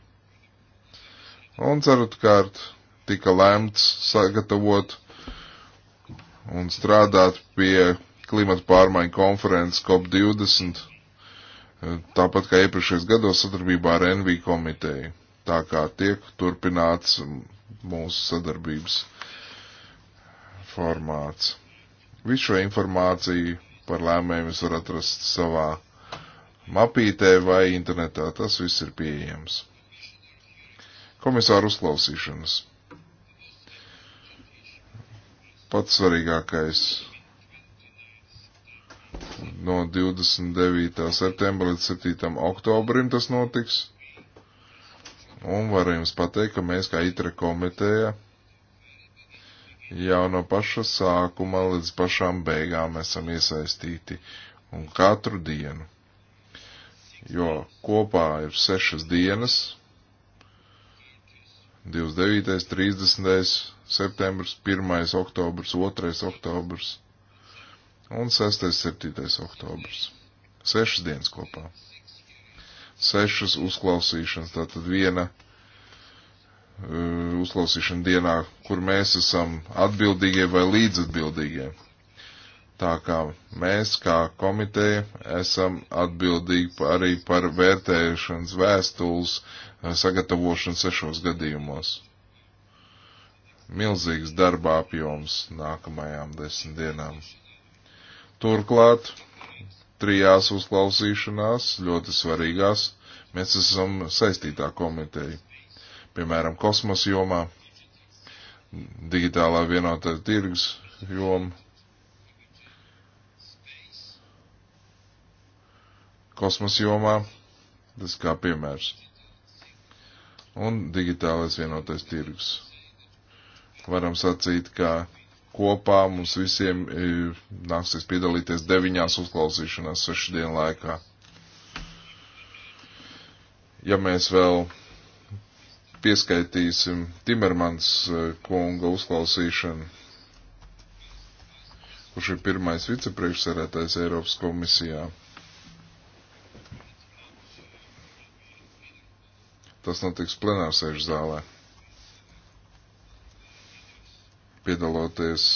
Speaker 1: Un ceturtkārt tika lemts sagatavot un strādāt pie klimata pārmaiņu konferences COP20, eh, tāpat kā iepriekšējos gados sadarbībā ar NV komiteju. Tā kā tiek turpināts mūsu sadarbības formāts. Visu šo informāciju par lēmējumu jūs varat atrast savā mapītē vai internetā. Tas viss ir pieejams. Komisāru uzklausīšanas. Pats svarīgākais no 29. septembra līdz 7. oktobrim tas notiks. Un varu jums pateikt, ka mēs kā ITRE komiteja jau no paša sākuma līdz pašām beigām esam iesaistīti un katru dienu. Jo kopā ir sešas dienas, 29., 30. septembris, 1. oktobrs, 2. oktobrs un 6. 7. oktobrs. Sešas dienas kopā. Sešas uzklausīšanas, tātad viena Eh, uzklausīšana dienā, kur mēs esam atbildīgie vai līdzatbildīgie. Tā kā mēs, kā komiteja, esam atbildīgi arī par vērtēšanas vēstules eh, sagatavošanu sešos gadījumos. Milzīgs darba apjoms nākamajām desmit dienām. Turklāt, trijās uzklausīšanās, ļoti svarīgās, mēs esam saistītā komiteja piemēram, kosmosa jomā, digitālā vienotā tirgus joma, kosmosa jomā, tas kā piemērs, un digitālais vienotais tirgus. Varam sacīt, ka kopā mums visiem e, nāksies piedalīties deviņās uzklausīšanās sešu dienu laikā. Ja mēs vēl pieskaitīsim Timermans e, kunga uzklausīšanu, kurš ir pirmais vicepriekšsēdētājs Eiropas komisijā. Tas notiks plenārsēžu zālē. Piedaloties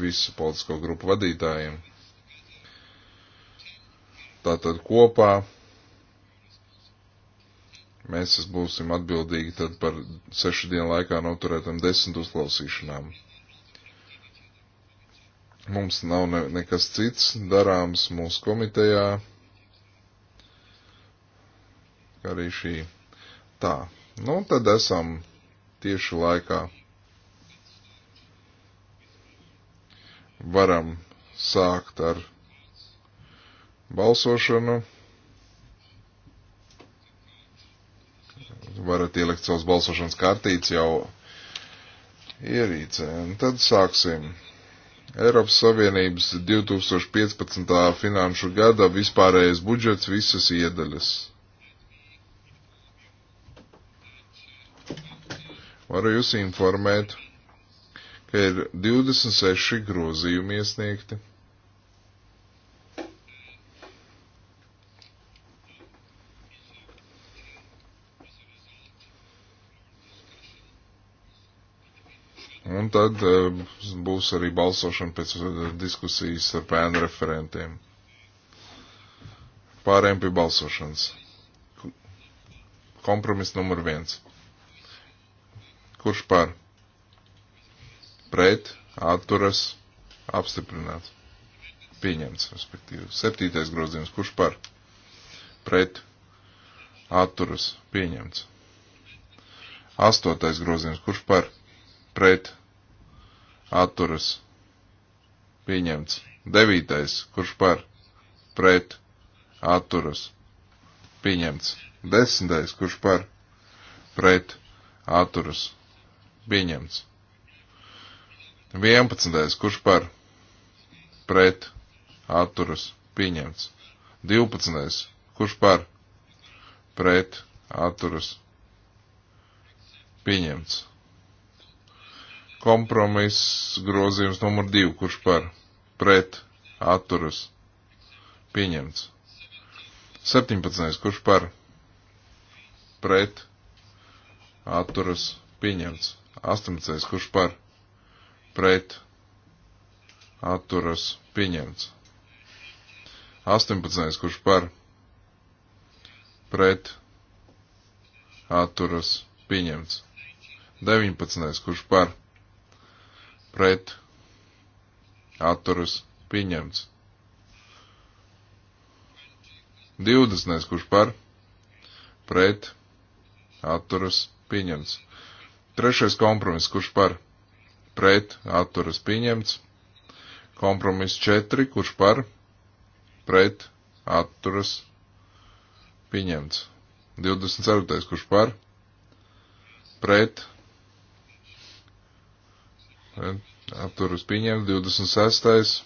Speaker 1: visu politisko grupu vadītājiem. Tātad kopā Mēs būsim atbildīgi tad par sešu dienu laikā noturētam desmit uzklausīšanām. Mums nav ne, nekas cits darāms mūsu komitejā, arī šī tā. Nu, tad esam tieši laikā. Varam sākt ar balsošanu. varat ielikt savus balsošanas kartītes jau ierīcē. Un tad sāksim. Eiropas Savienības 2015. finanšu gada vispārējais budžets visas iedaļas. Varu jūs informēt, ka ir 26 grozījumi iesniegti. un tad eh, būs arī balsošana pēc eh, diskusijas ar pēnu referentiem. Pārējiem pie balsošanas. Kompromiss numur viens. Kurš par? Pret, atturas, apstiprināts. Pieņemts, respektīvi. Septītais grozījums. Kurš par? Pret, atturas, pieņemts. Astotais grozījums. Kurš par? Pret, atturas pieņemts. Devītais, kurš par pret atturas pieņemts. Desmitais, kurš par pret atturas pieņemts. Vienpadsmitais, kurš par pret atturas pieņemts. Divpadsmitais, kurš par pret atturas pieņemts. Kompromiss grozījums numur 2, kurš par pret atturas pieņemts. 17. kurš par pret atturas pieņemts. 18. kurš par pret atturas pieņemts. 18. kurš par pret atturas pieņemts. 19. kurš par pret pret atturas pieņemts. 20. kurš par pret atturas pieņemts. Trešais kompromiss, kurš par pret atturas pieņemts. Kompromiss 4, kurš par pret atturas pieņemts. 24. kurš par pret Apturus pieņem 26.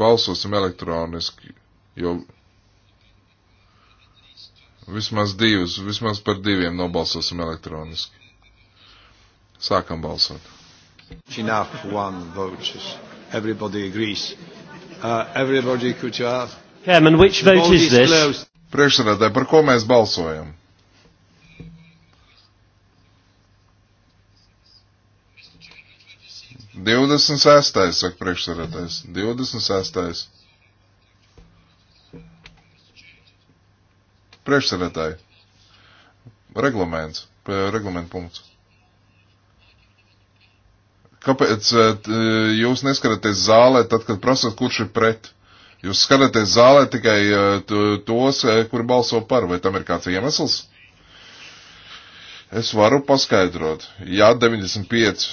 Speaker 1: Balsosim elektroniski, jo vismaz divus, vismaz par diviem nobalsosim elektroniski. Sākam balsot. Enough one vote. Everybody agrees. Uh, everybody could you have. Chairman, which vote is this? Priekšsēdētāji, par ko mēs balsojam? 26. saka priekšsarētājs. 26. Priekšsarētāji. Reglaments. Reglamentu punkts. Kāpēc eh, jūs neskaraties zālē tad, kad prasat, kurš ir pret? Jūs skatāties zālē tikai eh, tos, eh, kuri balso par, vai tam ir kāds iemesls? Es varu paskaidrot. Jā, 95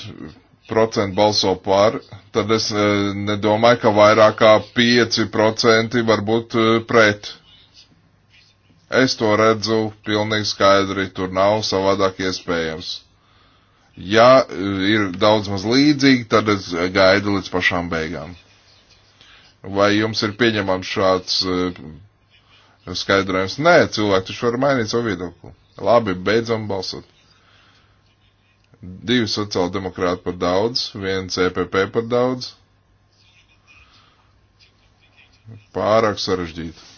Speaker 1: procenti balso par, tad es e, nedomāju, ka vairāk kā 5% var būt e, pret. Es to redzu pilnīgi skaidri, tur nav savādāk iespējams. Ja e, ir daudz maz līdzīgi, tad es gaidu līdz pašām beigām. Vai jums ir pieņemams šāds skaidrojums? Nē, cilvēki taču var mainīt savu viedokli. Labi, beidzam balsot. Divi sociāldemokrāti par daudz, viens EPP par daudz. Pārāk sarežģīti.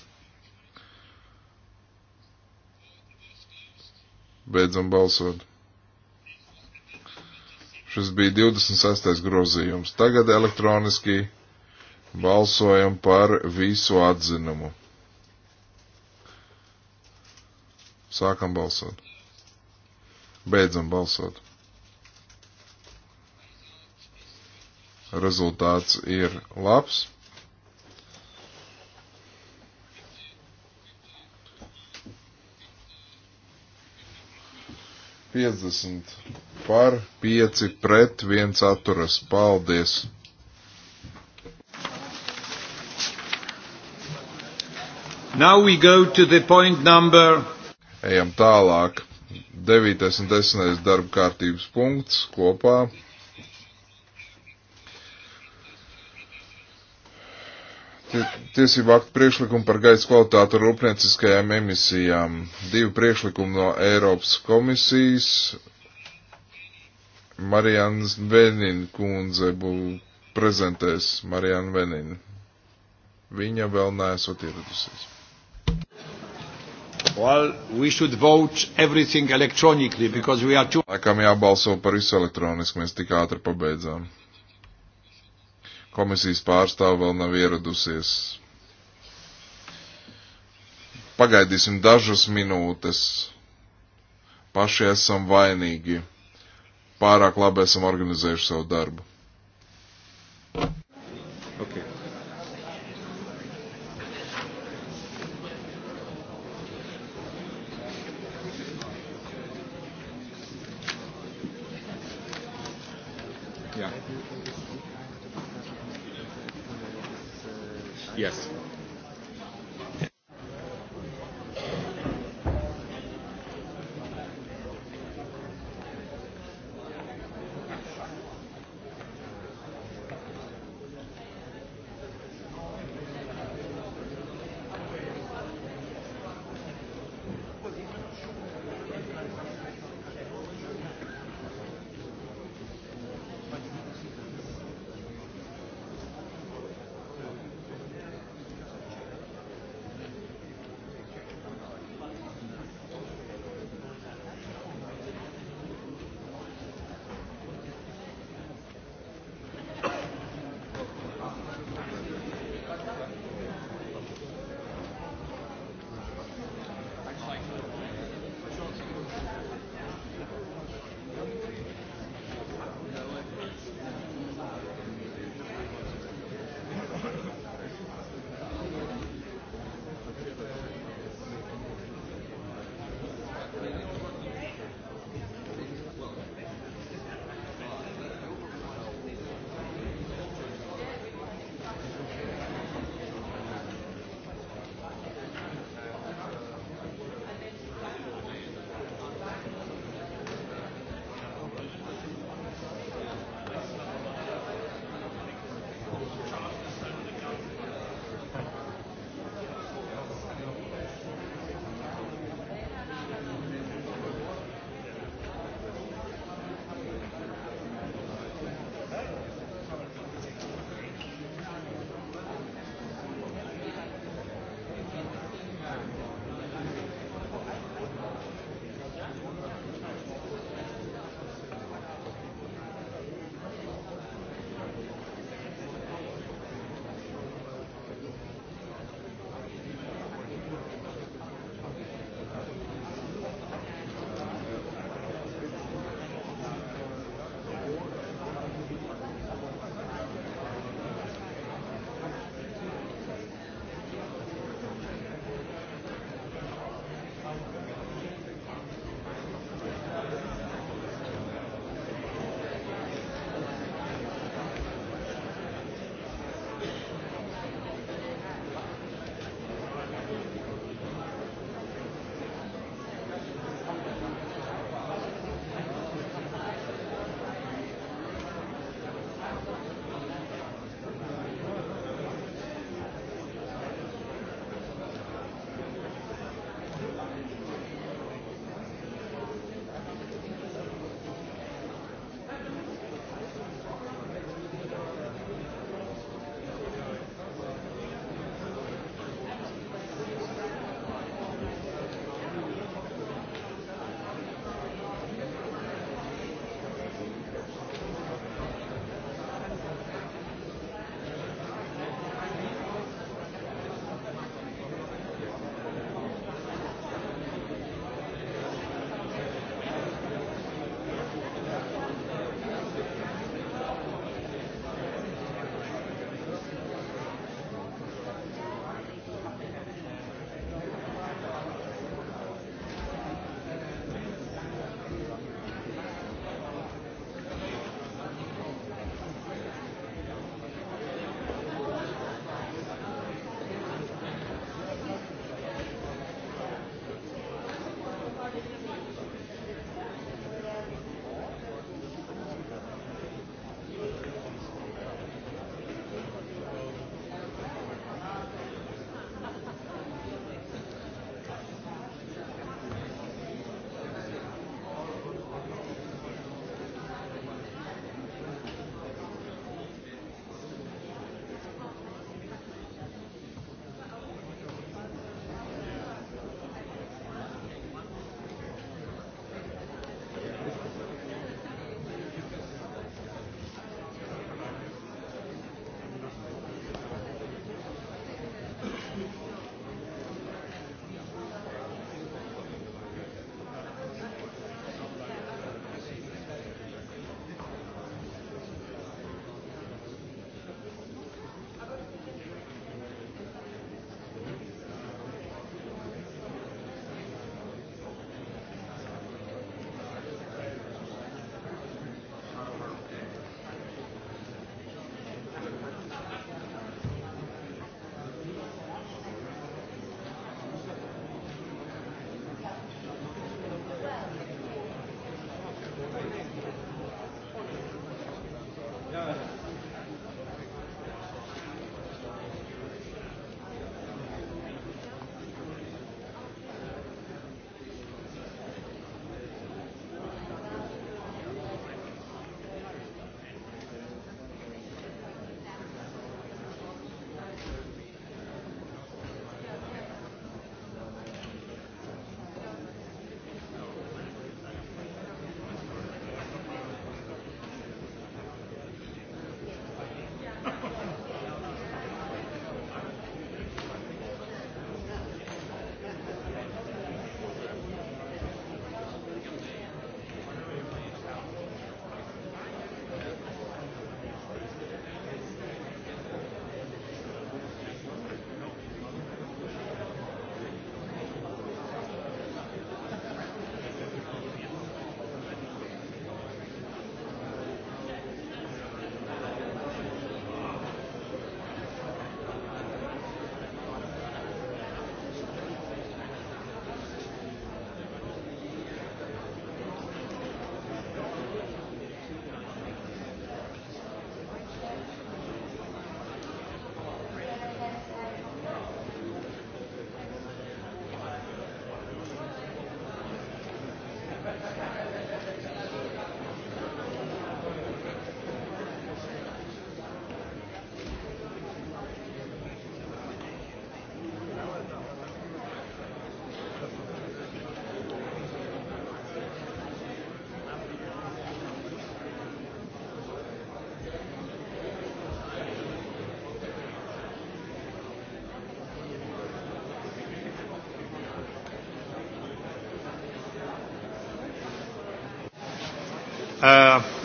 Speaker 1: Beidzam balsot. Šis bija 26. grozījums. Tagad elektroniski balsojam par visu atzinumu. Sākam balsot. Beidzam balsot. rezultāts ir labs. Piecdesmit par, pieci pret, viens atturas. Paldies! Now we go to the point number. Ejam tālāk. 9. un 10. darba kārtības punkts kopā. tiesību aktu priekšlikumu par gaisa kvalitātu rūpnieciskajām emisijām. Divi priekšlikumi no Eiropas komisijas. Marijans Venin kundze būs prezentēs Marijana Venina. Viņa vēl neesot ieradusies. Well, we should vote everything electronically because we are too... Laikam jābalso par visu elektroniski, mēs tik ātri pabeidzām. Komisijas pārstāve vēl nav ieradusies. Pagaidīsim dažas minūtes. Paši esam vainīgi. Pārāk labi esam organizējuši savu darbu.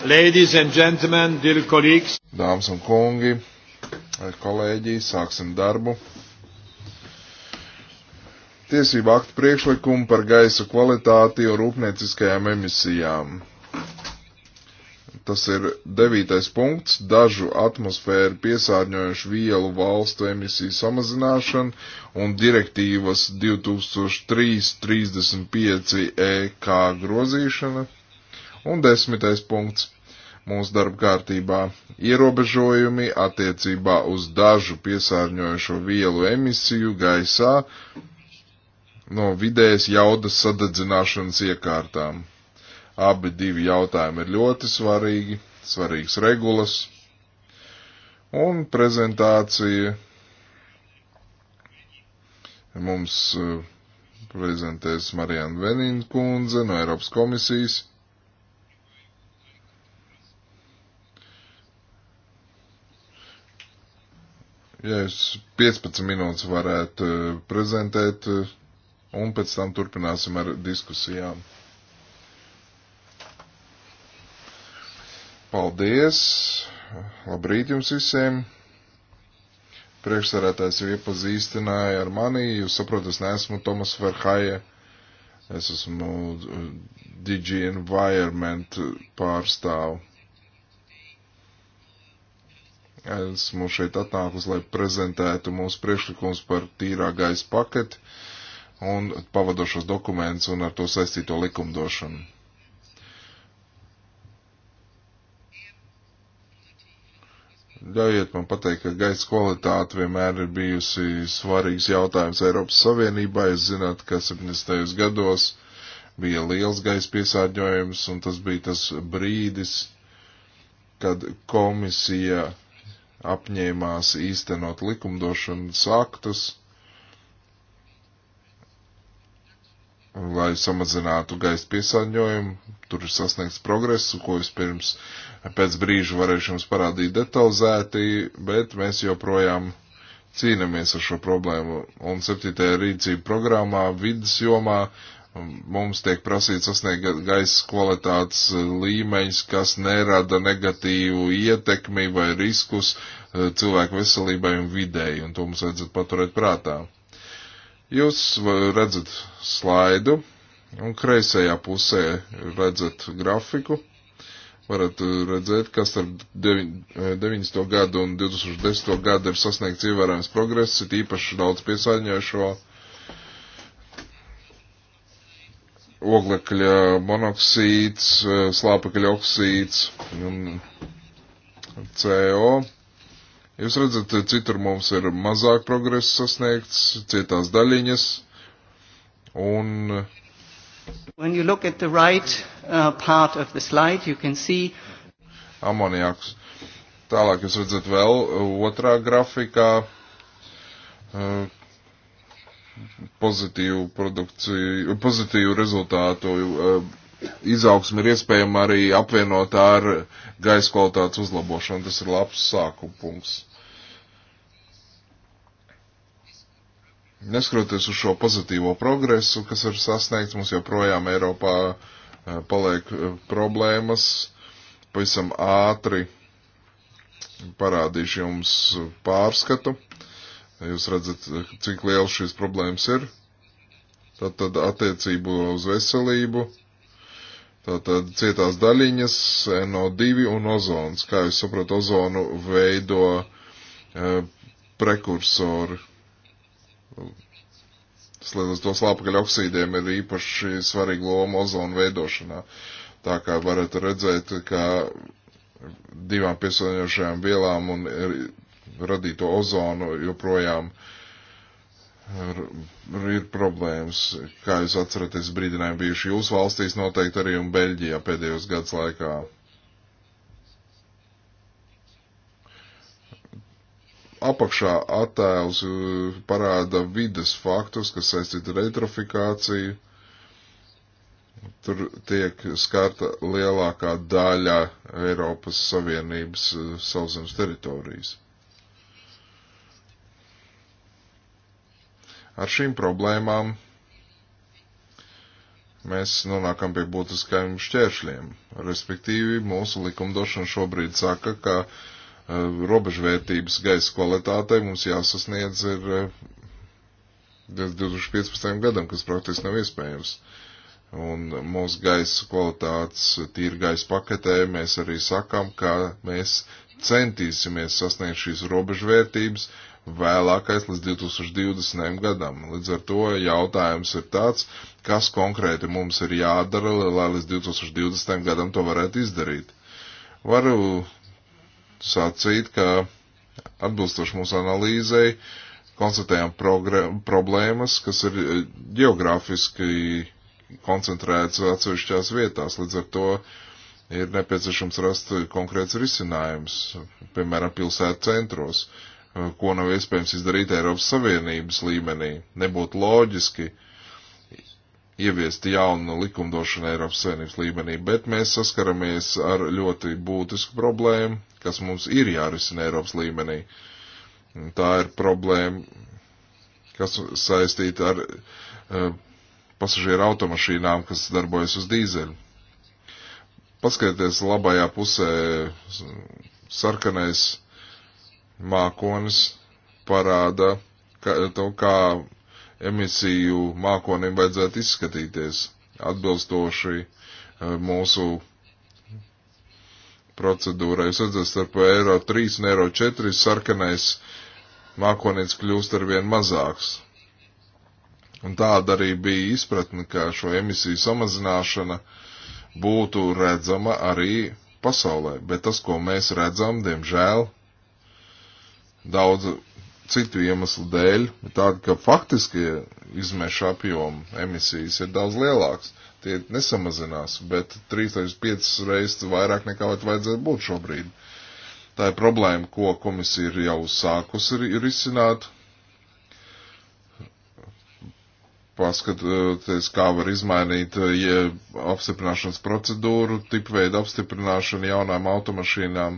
Speaker 1: Ladies and gentlemen, dear colleagues. Dāmas un kungi, kolēģi, sāksim darbu. Tiesību aktu priekšlikumu par gaisa kvalitāti un rūpnieciskajām emisijām. Tas ir devītais punkts - dažu atmosfēru piesārņojušu vielu valstu emisiju samazināšana un direktīvas 2003-35 EK grozīšana. Un desmitais punkts mūsu darba kārtībā - ierobežojumi attiecībā uz dažu piesārņojošo vielu emisiju gaisā no vidējas jaudas sadedzināšanas iekārtām. Abi divi jautājumi ir ļoti svarīgi, svarīgs regulas un prezentācija. Mums eh, prezentēs Marijana Venīna kundze no Eiropas komisijas Ja es 15 minūtes varētu eh, prezentēt, eh, un pēc tam turpināsim ar diskusijām. Paldies! Labrīt jums visiem! Priekšsarētājs jau iepazīstināja ar mani, jūs saprotat, es neesmu Tomas Verhaie, es esmu eh, DG Environment pārstāvu. Esmu šeit atnākus, lai prezentētu mūsu priekšlikums par tīrā gaisa paketi un pavadošos dokumentus un ar to saistīto likumdošanu. Ļaujiet man pateikt, ka gaisa kvalitāte vienmēr ir bijusi svarīgs jautājums Eiropas Savienībā. Jūs zināt, ka 70. gados bija liels gaisa piesārņojums, un tas bija tas brīdis, kad komisija apņēmās īstenot likumdošanas aktus, lai samazinātu gaisa piesārņojumu. Tur ir sasniegts progress, ko es pirms pēc brīža varēšu jums parādīt detalizēti, bet mēs joprojām cīnāmies ar šo problēmu. Un 7. rīcība programmā vidas jomā Mums tiek prasīts sasniegt gaisa kvalitātes e, līmeņus, kas nerada negatīvu ietekmi vai riskus e, cilvēku veselībai un videi, un to mums vajadzētu paturēt prātā. Jūs redzat slaidu, un kreisajā pusē redzat grafiku varat e, redzēt, kas ar 90. gadu un 2010. gadu ir sasniegts ievērojams progress, ir īpaši daudz piesāņojušo oglekļa monoksīds, eh, slāpekļa oksīds un CO. Jūs redzat, eh, citur mums ir mazāk progresa sasniegts, cietās daļiņas un. Eh, When you look at the right uh, part of the slide, you can see. Amoniaks. Tālāk jūs redzat vēl otrā grafikā, uh, pozitīvu produkciju, pozitīvu rezultātu eh, izaugsmi ir iespējama arī apvienot ar gaisa kvalitātes uzlabošanu. Tas ir labs sākuma punkts. Neskatoties uz šo pozitīvo progresu, kas ir sasniegts, mums joprojām Eiropā eh, paliek eh, problēmas. Pavisam ātri parādīšu jums pārskatu. Jūs redzat, eh, cik liela šīs problēmas ir. Tātad attiecību uz veselību, tātad cietās daļiņas, NO2 un ozons. Kā jūs saprotat, ozonu veido e, prekursori. Slēdz to slāpakaļ oksīdiem ir īpaši svarīga loma ozonu veidošanā. Tā kā varat redzēt, ka divām piesaņojušajām vielām un radīto ozonu joprojām ir problēmas. Kā jūs atceraties, brīdinājumi bijuši jūsu valstīs noteikti arī un Beļģijā pēdējos gads laikā. apakšā attēls uh, parāda vides faktus, kas saistīti ar eitrofikāciju. Tur tiek skarta lielākā daļa Eiropas Savienības uh, sauszemes teritorijas. Ar šīm problēmām mēs nonākam pie būtiskajiem šķēršļiem. Respektīvi, mūsu likumdošana šobrīd saka, ka uh, robežvērtības gaisa kvalitātei mums jāsasniedz ir uh, e, 2015. gadam, kas praktiski nav iespējams. Un mūsu gaisa kvalitātes tīra gaisa paketē mēs arī sakām, ka mēs centīsimies sasniegt šīs robežvērtības, vēlākais līdz 2020. gadam. Līdz ar to jautājums ir tāds, kas konkrēti mums ir jādara, lai līdz 2020. gadam to varētu izdarīt. Varu sacīt, ka atbilstoši mūsu analīzei konstatējām problēmas, kas ir e, geogrāfiski koncentrētas atsevišķās vietās. Līdz ar to ir nepieciešams rast konkrēts risinājums, piemēram, pilsētu centros. Uh, Eh, ko nav iespējams izdarīt Eiropas Savienības līmenī. Nebūtu loģiski ieviest jaunu likumdošanu Eiropas Savienības līmenī, bet mēs saskaramies ar ļoti būtisku problēmu, kas mums ir jārisina Eiropas līmenī. Tā ir problēma, kas saistīta ar uh, pasažieru automašīnām, kas darbojas uz dīzeļu. Paskatieties labajā pusē sarkanais mākonis parāda ka, to, kā emisiju mākonim vajadzētu izskatīties atbilstoši eh, mūsu procedūrai. Jūs redzat, starp eiro 3 un eiro 4 sarkanais mākonis kļūst ar vien mazāks. Un tāda arī bija izpratne, ka šo emisiju samazināšana būtu redzama arī pasaulē. Bet tas, ko mēs redzam, diemžēl, daudzu citu iemeslu dēļ, tāda, ka faktiskie izmešu apjomu emisijas ir daudz lielāks. Tie nesamazinās, bet 3 līdz 5 reizes vairāk nekā vajadzētu būt šobrīd. Tā ir problēma, ko komisija ir jau sākusi risināt, paskatoties, kā var izmainīt ja eh, apstiprināšanas procedūru, tipveidu apstiprināšanu jaunām automašīnām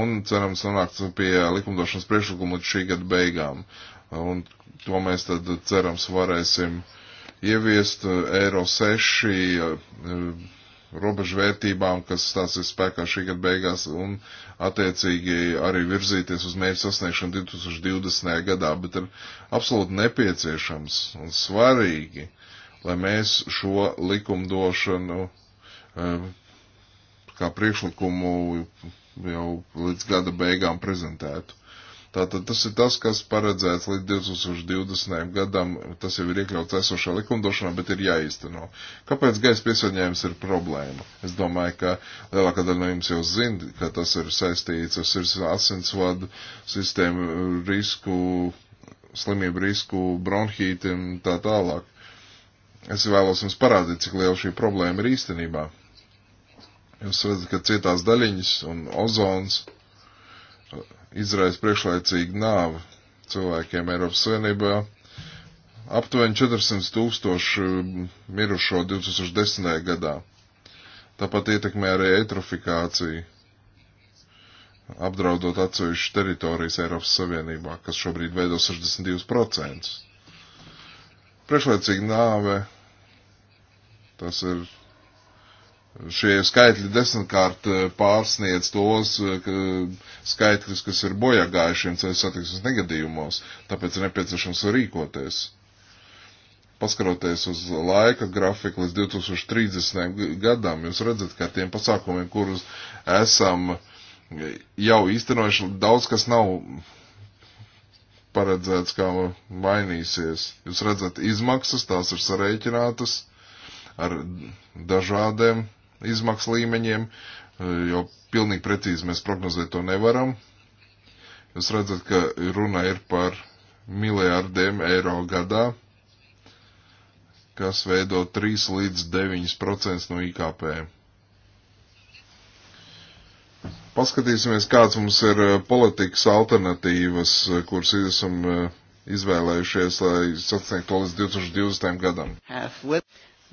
Speaker 1: un cerams nonākt pie likumdošanas priekšlikuma līdz šī gada beigām. Un to mēs tad cerams varēsim ieviest eh, Eiro 6 robežvērtībām, kas stāsies spēkā šī gada beigās, un attiecīgi arī virzīties uz mērķu sasniegšanu 2020. gadā, bet ir absolūti nepieciešams un svarīgi, lai mēs šo likumdošanu eh, kā priekšlikumu jau līdz gada beigām prezentētu. Tātad tas ir tas, kas paredzēts līdz 2020. gadam, tas jau ir iekļauts esošā likumdošanā, bet ir jāīsteno. Kāpēc gaisa piesārņojums ir problēma? Es domāju, ka lielākā daļa no jums jau zina, ka tas ir saistīts ar sirds asinsvadu sistēmu risku, slimību risku, bronhīti un tā tālāk. Es vēlos jums parādīt, cik liela šī problēma ir īstenībā. Jūs redzat, ka cietās daļiņas un ozons izraisa priekšlaicīgu nāvi cilvēkiem Eiropas Savienībā. Aptuveni 400 tūkstoši mm, mirušo 2010. gadā. Tāpat ietekmē arī eitrofikāciju, apdraudot atsevišķu teritorijas Eiropas Savienībā, kas šobrīd veido 62%. Priekšlaicīga nāve, tas ir Šie skaitļi desmitkārt eh, pārsniedz tos eh, ka skaitļus, kas ir bojāgājušiem ceļu satiksmes negadījumos, tāpēc ir nepieciešams rīkoties. Paskaroties uz laika grafiku līdz 2030. gadam, jūs redzat, ka tiem pasākumiem, kurus esam jau īstenojuši, daudz kas nav paredzēts, kā mainīsies. Jūs redzat, izmaksas tās ir sareiķinātas ar dažādiem izmaksu līmeņiem, eh, jo pilnīgi precīzi mēs prognozēt to nevaram. Jūs redzat, ka runa ir par miljārdiem eiro gadā, kas veido 3 līdz 9% no IKP. Paskatīsimies, kāds mums ir eh, politikas alternatīvas, eh, kuras esam izvēlējušies, lai sasniegtu to līdz 2020. gadam.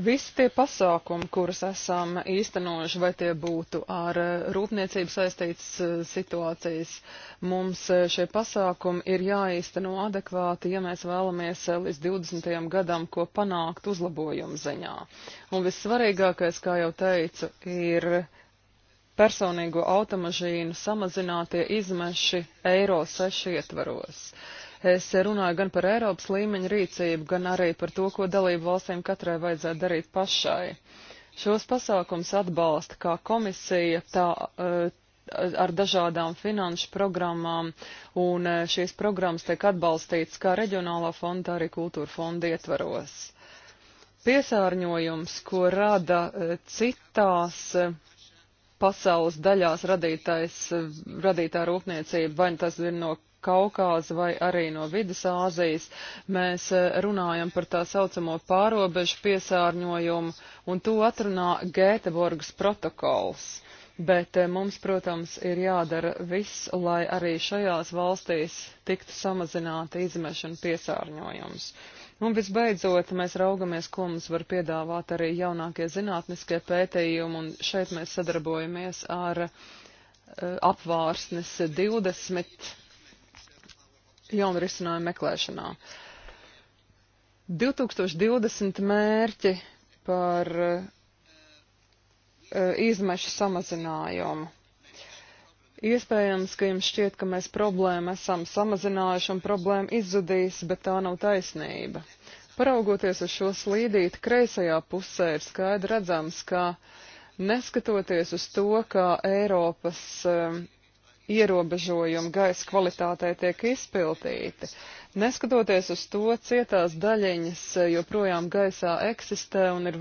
Speaker 3: Visi tie pasākumi, kurus esam īstenojuši, vai tie būtu ar eh, rūpniecību saistīts eh, situācijas, mums eh, šie pasākumi ir jāīsteno adekvāti, ja mēs vēlamies līdz 20. gadam, ko panākt uzlabojumu ziņā. Un vissvarīgākais, kā jau teicu, ir personīgo automašīnu samazinātie izmeši Eiro 6 ietvaros. Uh, Es runāju gan par Eiropas līmeņa rīcību, gan arī par to, ko dalību valstīm katrai vajadzētu darīt pašai. Šos pasākums atbalsta kā komisija, tā, eh, ar dažādām finanšu programmām, un eh, šīs programmas tiek atbalstītas kā reģionālā fonda, tā arī kultūra fonda ietvaros. Piesārņojums, ko rada eh, citās pasaules daļās radītais, radītā rūpniecība, vai nu tas ir no Kaukāza vai arī no Vidusāzijas, mēs eh, runājam par tā saucamo pārobežu piesārņojumu, un to atrunā Gēteborgas protokols. Bet eh, mums, protams, ir jādara viss, lai arī šajās valstīs tiktu samazināta izmešana piesārņojums. Un visbeidzot, mēs raugamies, ko mums var piedāvāt arī jaunākie zinātniskie pētījumi, un šeit mēs sadarbojamies ar uh, apvārsnes 20 jaunu risinājumu meklēšanā. 2020 mērķi par uh, izmešu samazinājumu. Iespējams, ka jums šķiet, ka mēs problēmu esam samazinājuši un problēma izzudīs, bet tā nav taisnība. Paraugoties uz šo slīdīti, kreisajā pusē ir skaidri redzams, ka neskatoties uz to, ka Eiropas um, ierobežojumi gaisa kvalitātei tiek izpildīti. Neskatoties uz to, cietās daļiņas joprojām gaisā eksistē un ir,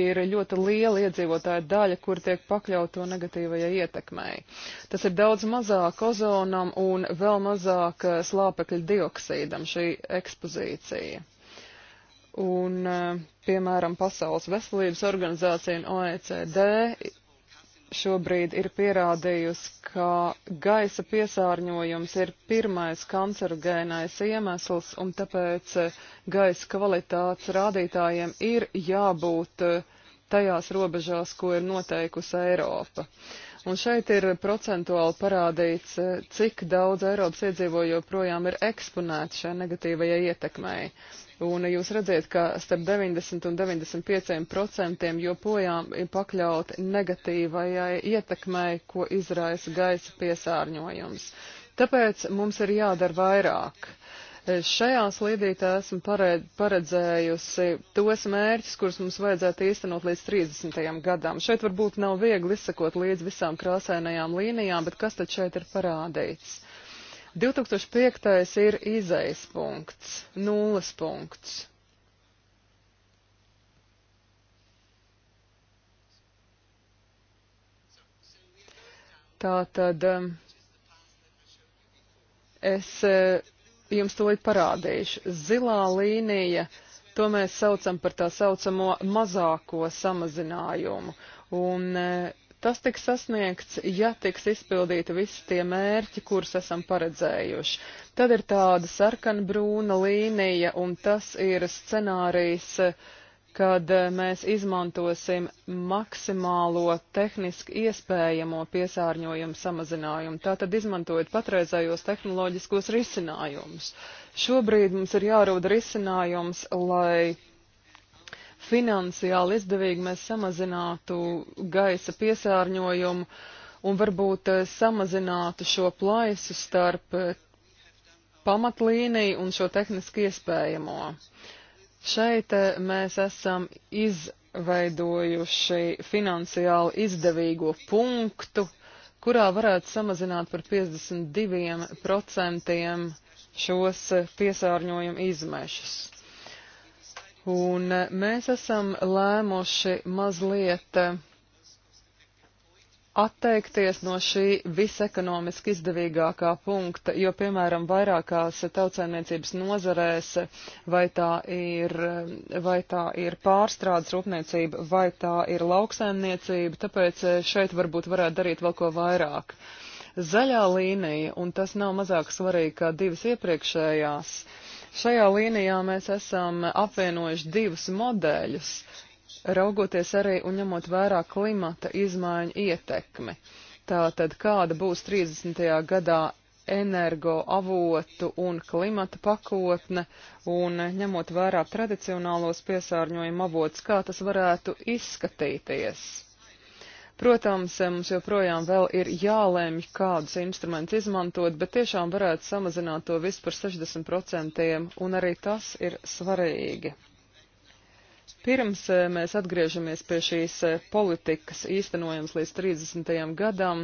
Speaker 3: ir ļoti liela iedzīvotāja daļa, kur tiek pakļauto negatīvajai ietekmei. Tas ir daudz mazāk ozonam un vēl mazāk eh, slāpekļa dioksīdam šī ekspozīcija. Un, eh, piemēram, Pasaules veselības organizācija un OECD šobrīd ir pierādījusi, ka gaisa piesārņojums ir pirmais kancerogēnais iemesls, un tāpēc eh, gaisa kvalitātes rādītājiem ir jābūt eh, tajās robežās, ko ir noteikusi Eiropa. Uh, Un šeit ir procentuāli parādīts, e, cik daudz Eiropas iedzīvoju joprojām ir eksponēti šai negatīvajai ietekmei. Un jūs redziet, ka starp 90 un 95 procentiem joprojām ir pakļauti negatīvajai ietekmei, ko izraisa gaisa piesārņojums. Tāpēc mums ir jādara vairāk. Šajā slīdītē esmu paredzējusi tos mērķus, kurus mums vajadzētu īstenot līdz 30. gadam. Šeit varbūt nav viegli izsakot līdz visām krāsainajām līnijām, bet kas tad šeit ir parādīts? 2005. ir izejas punkts, nulles punkts. Tātad um, es jums to parādīšu. Zilā līnija, to mēs saucam par tā saucamo mazāko samazinājumu. Un e, tas tiks sasniegts, ja tiks izpildīti visi tie mērķi, kurus esam paredzējuši. Tad ir tāda sarkanbrūna līnija, un tas ir scenārijs kad eh, mēs izmantosim maksimālo tehniski iespējamo piesārņojumu samazinājumu. Tātad izmantojot patreizējos tehnoloģiskos risinājumus. Šobrīd mums ir jārūda risinājums, lai finansiāli izdevīgi mēs samazinātu gaisa piesārņojumu un varbūt eh, samazinātu šo plaisu starp eh, pamatlīniju un šo tehniski iespējamo. Uh, Šeit eh, mēs esam izveidojuši finansiāli izdevīgo punktu, kurā varētu samazināt par 52% šos eh, piesārņojumu izmešus. Un eh, mēs esam lēmuši mazliet uh, atteikties no šī visekonomiski izdevīgākā punkta, jo, piemēram, vairākās tautsēmniecības nozarēs, vai tā ir, vai tā ir pārstrādes rūpniecība, vai tā ir lauksēmniecība, tāpēc eh, šeit varbūt varētu darīt vēl ko vairāk. Zaļā līnija, un tas nav mazāk svarīgi kā divas iepriekšējās, šajā līnijā mēs esam apvienojuši divus modeļus raugoties arī un ņemot vērā klimata izmaiņu ietekmi. Tātad, kāda būs 30. gadā energo avotu un klimata pakotne, un ņemot vērā tradicionālos piesārņojuma avots, kā tas varētu izskatīties. Protams, mums joprojām vēl ir jālēmj, kādus instrumentus izmantot, bet tiešām varētu samazināt to visu par 60% un arī tas ir svarīgi. Pirms eh, mēs atgriežamies pie šīs eh, politikas īstenojums līdz 30. gadam,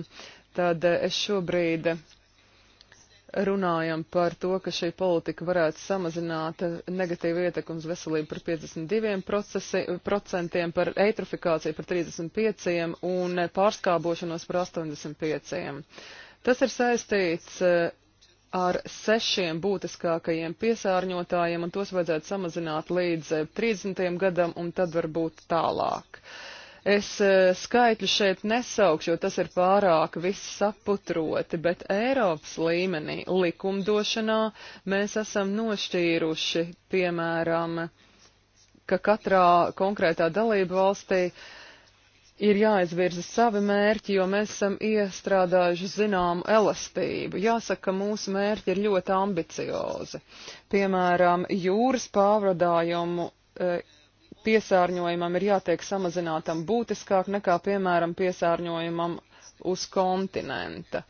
Speaker 3: tad eh, es šobrīd runājam par to, ka šī politika varētu samazināt negatīvu ietekmi uz veselību par 52%, par eitrofikāciju par 35% un pārskābošanos par 85%. Tas ir saistīts ar sešiem būtiskākajiem piesārņotājiem, un tos vajadzētu samazināt līdz 30. Eh, gadam un tad varbūt tālāk. Es eh, skaitļu šeit nesaukšu, jo tas ir pārāk viss saputroti, bet Eiropas līmenī likumdošanā mēs esam nošķīruši, piemēram, ka katrā konkrētā dalība valstī uh, ir jāizvirza savi mērķi, jo mēs esam iestrādājuši zināmu elastību. Jāsaka, ka mūsu mērķi ir ļoti ambiciozi. Piemēram, jūras pārvadājumu e, piesārņojumam ir jātiek samazinātam būtiskāk nekā, piemēram, piesārņojumam uz kontinenta.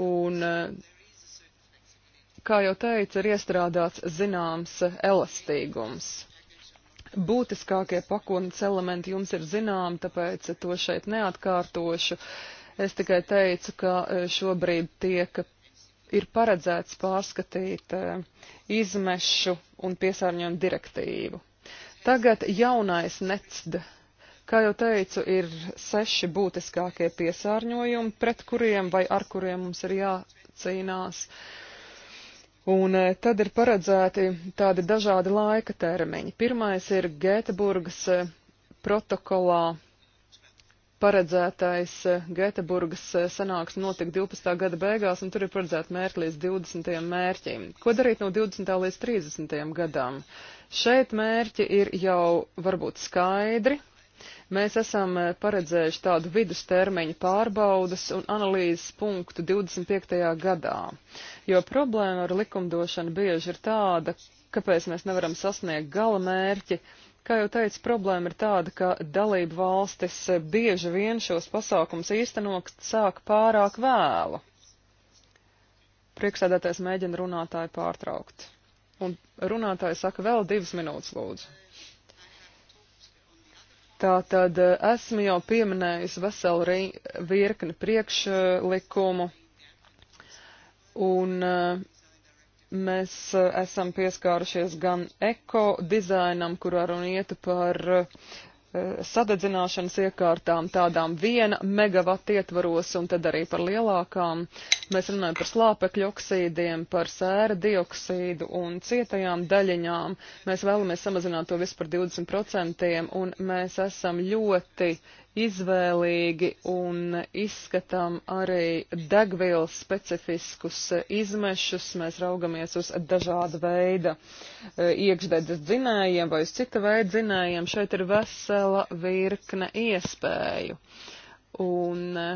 Speaker 3: Un, e, kā jau teicu, ir iestrādāts zināms elastīgums būtiskākie pakotnes elementi jums ir zinām, tāpēc to šeit neatkārtošu. Es tikai teicu, ka e, šobrīd tiek ir paredzēts pārskatīt e, izmešu un piesārņojumu direktīvu. Tagad jaunais NECD. Kā jau teicu, ir seši būtiskākie piesārņojumi, pret kuriem vai ar kuriem mums ir jācīnās. Uh, Un e, tad ir paredzēti tādi dažādi laika termiņi. Pirmais ir Gēteburgas e, protokolā paredzētais e, Gēteburgas sanāks notika 12. gada beigās, un tur ir paredzēta mērķi līdz 20. mērķim. Ko darīt no 20. līdz 30. gadam? Šeit mērķi ir jau varbūt skaidri, Mēs esam eh, paredzējuši tādu vidustermiņu pārbaudas un analīzes punktu 25. gadā, jo problēma ar likumdošanu bieži ir tāda, kāpēc mēs nevaram sasniegt gala mērķi. Kā jau teicu, problēma ir tāda, ka dalību valstis eh, bieži vien šos pasākums īstenot sāk pārāk vēlu. Priekšsēdētājs mēģina runātāju pārtraukt. Un runātāji saka vēl divas minūtes, lūdzu. Tātad eh, esmu jau pieminējusi veselu virkni priekšlikumu, un eh, mēs eh, esam pieskārušies gan eko dizainam, kurā runa iet par Eh, sadedzināšanas iekārtām, tādām viena megavata ietvaros, un tad arī par lielākām. Mēs runājam par slāpekļu oksīdiem, par sēra dioksīdu un cietajām daļiņām. Mēs vēlamies samazināt to visu par 20%, un mēs esam ļoti izvēlīgi un izskatām arī degvielas specifiskus izmešus. Mēs raugamies uz dažāda veida e, iekšdedzes dzinējiem vai uz cita veida dzinējiem. Šeit ir vesela virkne iespēju. Un e,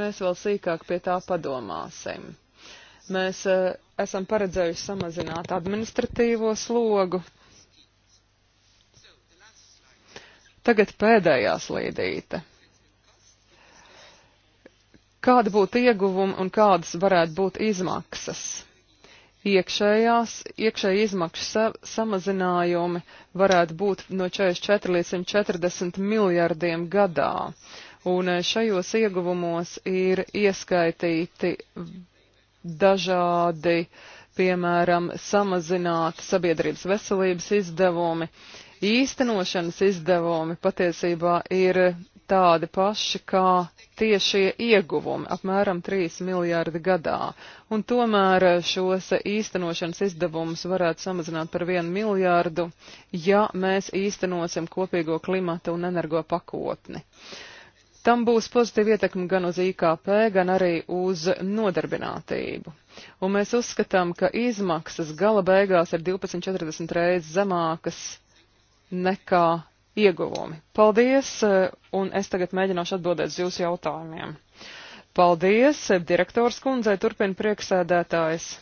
Speaker 3: mēs vēl sīkāk pie tā padomāsim. Mēs e, esam paredzējuši samazināt administratīvo slogu, Tagad pēdējā slīdīte. Kāda būtu ieguvuma un kādas varētu būt izmaksas? iekšējās, iekšēji izmaksu sa samazinājumi varētu būt no 44 līdz 140 miljardiem gadā. Un eh, šajos ieguvumos ir ieskaitīti dažādi, piemēram, samazināti sabiedrības veselības izdevumi, uh, īstenošanas izdevumi patiesībā ir tādi paši kā tiešie ieguvumi, apmēram 3 miljārdi gadā. Un tomēr šos īstenošanas izdevumus varētu samazināt par 1 miljārdu, ja mēs īstenosim kopīgo klimata un energo pakotni. Tam būs pozitīva ietekme gan uz IKP, gan arī uz nodarbinātību. Un mēs uzskatām, ka izmaksas gala beigās ir 12-40 reizes zemākas nekā ieguvumi. Paldies, eh, un es tagad mēģināšu atbildēt uz jūsu jautājumiem. Paldies, eh, direktors kundzei, turpina prieksēdētājs.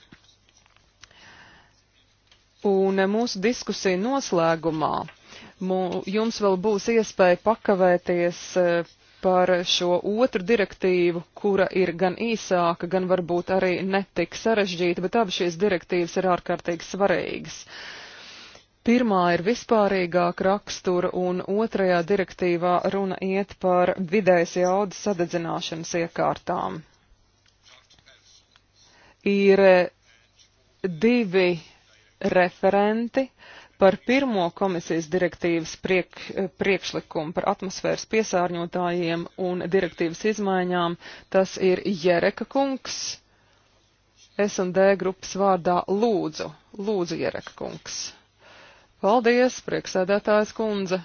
Speaker 3: Un eh, mūsu diskusija noslēgumā jums vēl būs iespēja pakavēties par šo otru direktīvu, kura ir gan īsāka, gan varbūt arī netik sarežģīta, bet abas šīs direktīvas ir ārkārtīgi svarīgas. Uh, Pirmā ir vispārīgāka rakstura, un otrajā direktīvā runa iet par vidējas jaudas sadedzināšanas iekārtām. Ir divi referenti par pirmo komisijas direktīvas priek, priekšlikumu par atmosfēras piesārņotājiem un direktīvas izmaiņām. Tas ir Jereka kungs. S&D grupas vārdā lūdzu, lūdzu Jereka kungs. Paldies, prieksēdētājs kundze.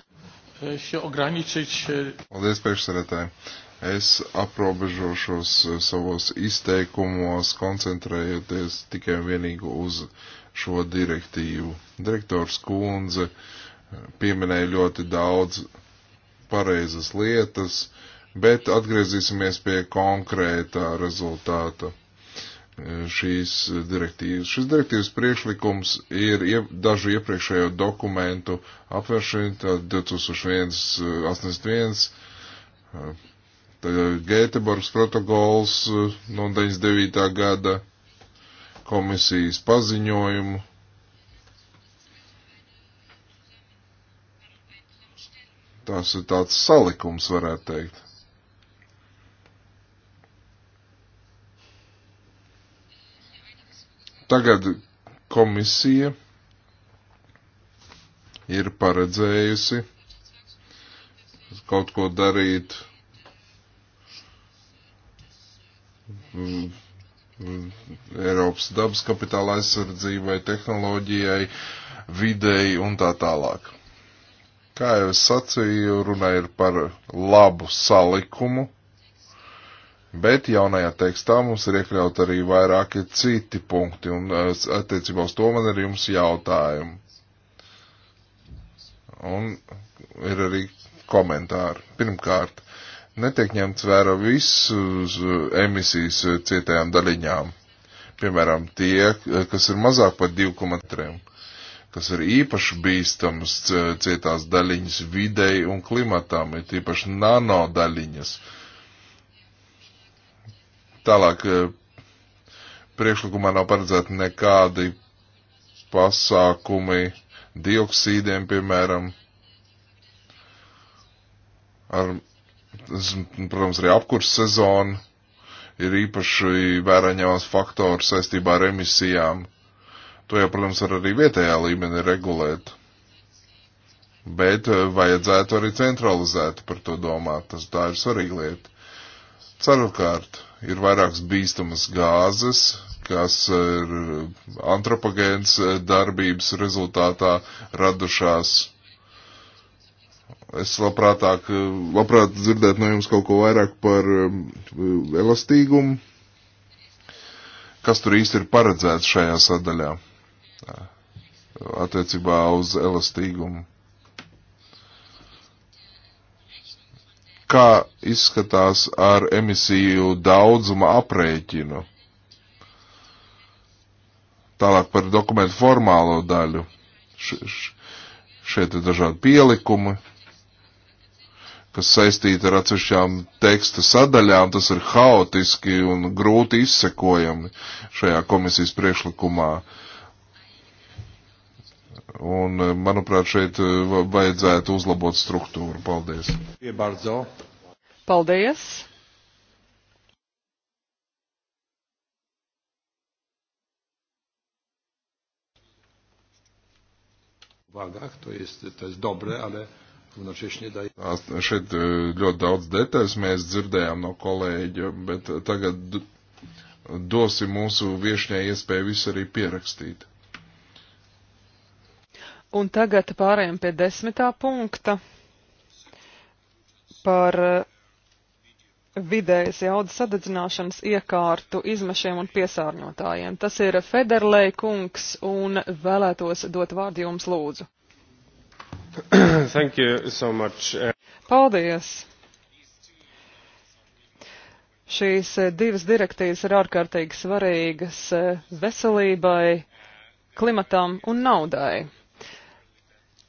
Speaker 1: E, e, Paldies, priekšsēdētāji. Es aprobežošos e, savos izteikumos, koncentrējoties tikai un vienīgi uz šo direktīvu. Direktors Kunze pieminēja ļoti daudz pareizas lietas, bet atgriezīsimies pie konkrētā rezultāta šīs direktīvas. Šis direktīvas priekšlikums ir iep, dažu iepriekšējo dokumentu apvēršana, tad 2001, 81, Gēteborgs protokols uh, no 99. gada komisijas paziņojumu. Tas ir tāds salikums, varētu teikt. Tagad komisija ir paredzējusi kaut ko darīt mm, Eiropas dabas kapitāla aizsardzībai, tehnoloģijai, videi un tā tālāk. Kā jau es sacīju, runa ir par labu salikumu Bet jaunajā tekstā mums ir iekļaut arī vairāki citi punkti, un attiecībā uz to man ir jums jautājumi. Un ir arī komentāri. Pirmkārt, netiek ņemts vērā visas emisijas cietajām daļiņām. Piemēram, tie, kas ir mazāk par 2,3, kas ir īpaši bīstams cietās daļiņas videi un klimatam, ir īpaši nano daļiņas. Uh, Tālāk eh, priekšlikumā nav paredzēti nekādi pasākumi dioksīdiem, piemēram, ar, protams, arī apkurs sezonu ir īpaši vērāņāms faktors saistībā ar emisijām. To jau, protams, var arī vietējā līmenī regulēt. Bet eh, vajadzētu arī centralizēt par to domāt. Tas tā ir svarīga lieta. Ceturkārt, ir vairākas bīstamas gāzes, kas ir eh, antropogēns eh, darbības rezultātā radušās. Es labprātāk, eh, labprāt dzirdēt no jums kaut ko vairāk par elastīgumu. Kas tur īsti ir paredzēts šajā sadaļā attiecībā uz elastīgumu? kā izskatās ar emisiju daudzuma aprēķinu. Tālāk par dokumentu formālo daļu. Še, šeit ir dažādi pielikumi, kas saistīti ar atsevišķām teksta sadaļām. Tas ir haotiski un grūti izsekojami šajā komisijas priekšlikumā. Uh, Un, eh, manuprāt, šeit eh, vajadzētu uzlabot struktūru. Paldies.
Speaker 3: Paldies.
Speaker 1: uwagach, to jest, to jest dobre, ale Šeit eh, ļoti daudz detaļas mēs dzirdējām no kolēģa, bet tagad dosim mūsu viešņai iespēju visu arī pierakstīt.
Speaker 3: Un tagad pārējām pie desmitā punkta par eh, vidējas jaudas sadedzināšanas iekārtu izmešiem un piesārņotājiem. Tas ir Federlei kungs un vēlētos dot vārdu jums lūdzu.
Speaker 1: Thank you so much.
Speaker 3: Paldies! Šīs eh, divas direktīvas ir ārkārtīgi svarīgas eh, veselībai, klimatam un naudai.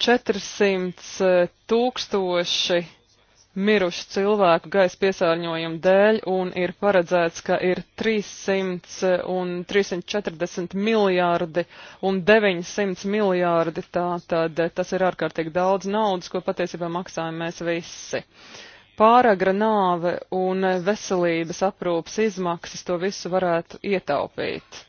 Speaker 3: 400 eh, tūkstoši mirušu cilvēku gaisa piesārņojumu dēļ un ir paredzēts, ka ir 300 eh, un 340 miljārdi un 900 miljārdi. Tātad eh, tas ir ārkārtīgi daudz naudas, ko patiesībā maksājam mēs visi. Pāragra nāve un veselības aprūpas izmaksas to visu varētu ietaupīt.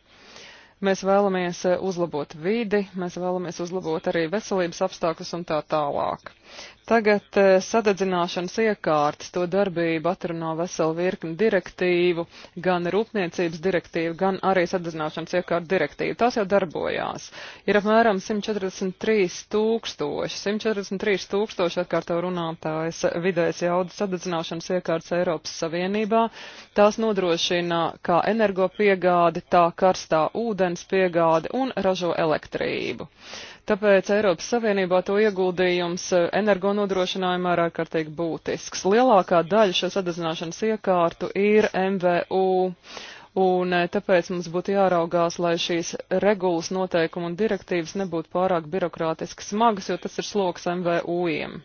Speaker 3: Mēs vēlamies eh, uzlabot vidi, mēs vēlamies uzlabot arī veselības apstākļus un tā tālāk. Tagad eh, sadedzināšanas iekārtas, to darbību atrunā veselu virkni direktīvu, gan rūpniecības direktīvu, gan arī sadedzināšanas iekārtu direktīvu. Tās jau darbojās. Ir apmēram 143 tūkstoši, 143 tūkstoši atkārto runātājs vidējas jaudas sadedzināšanas iekārtas Eiropas Savienībā. Tās nodrošina kā energopiegādi, tā karstā ūdens piegādi un ražo elektrību. Uh, Tāpēc Eiropas Savienībā to ieguldījums eh, energonodrošinājumā ir ārkārtīgi būtisks. Lielākā daļa šo sadedzināšanas iekārtu ir MVU, un eh, tāpēc mums būtu jāraugās, lai šīs regulas noteikumi un direktīvas nebūtu pārāk birokrātiski smagas, jo tas ir sloks MVU-iem.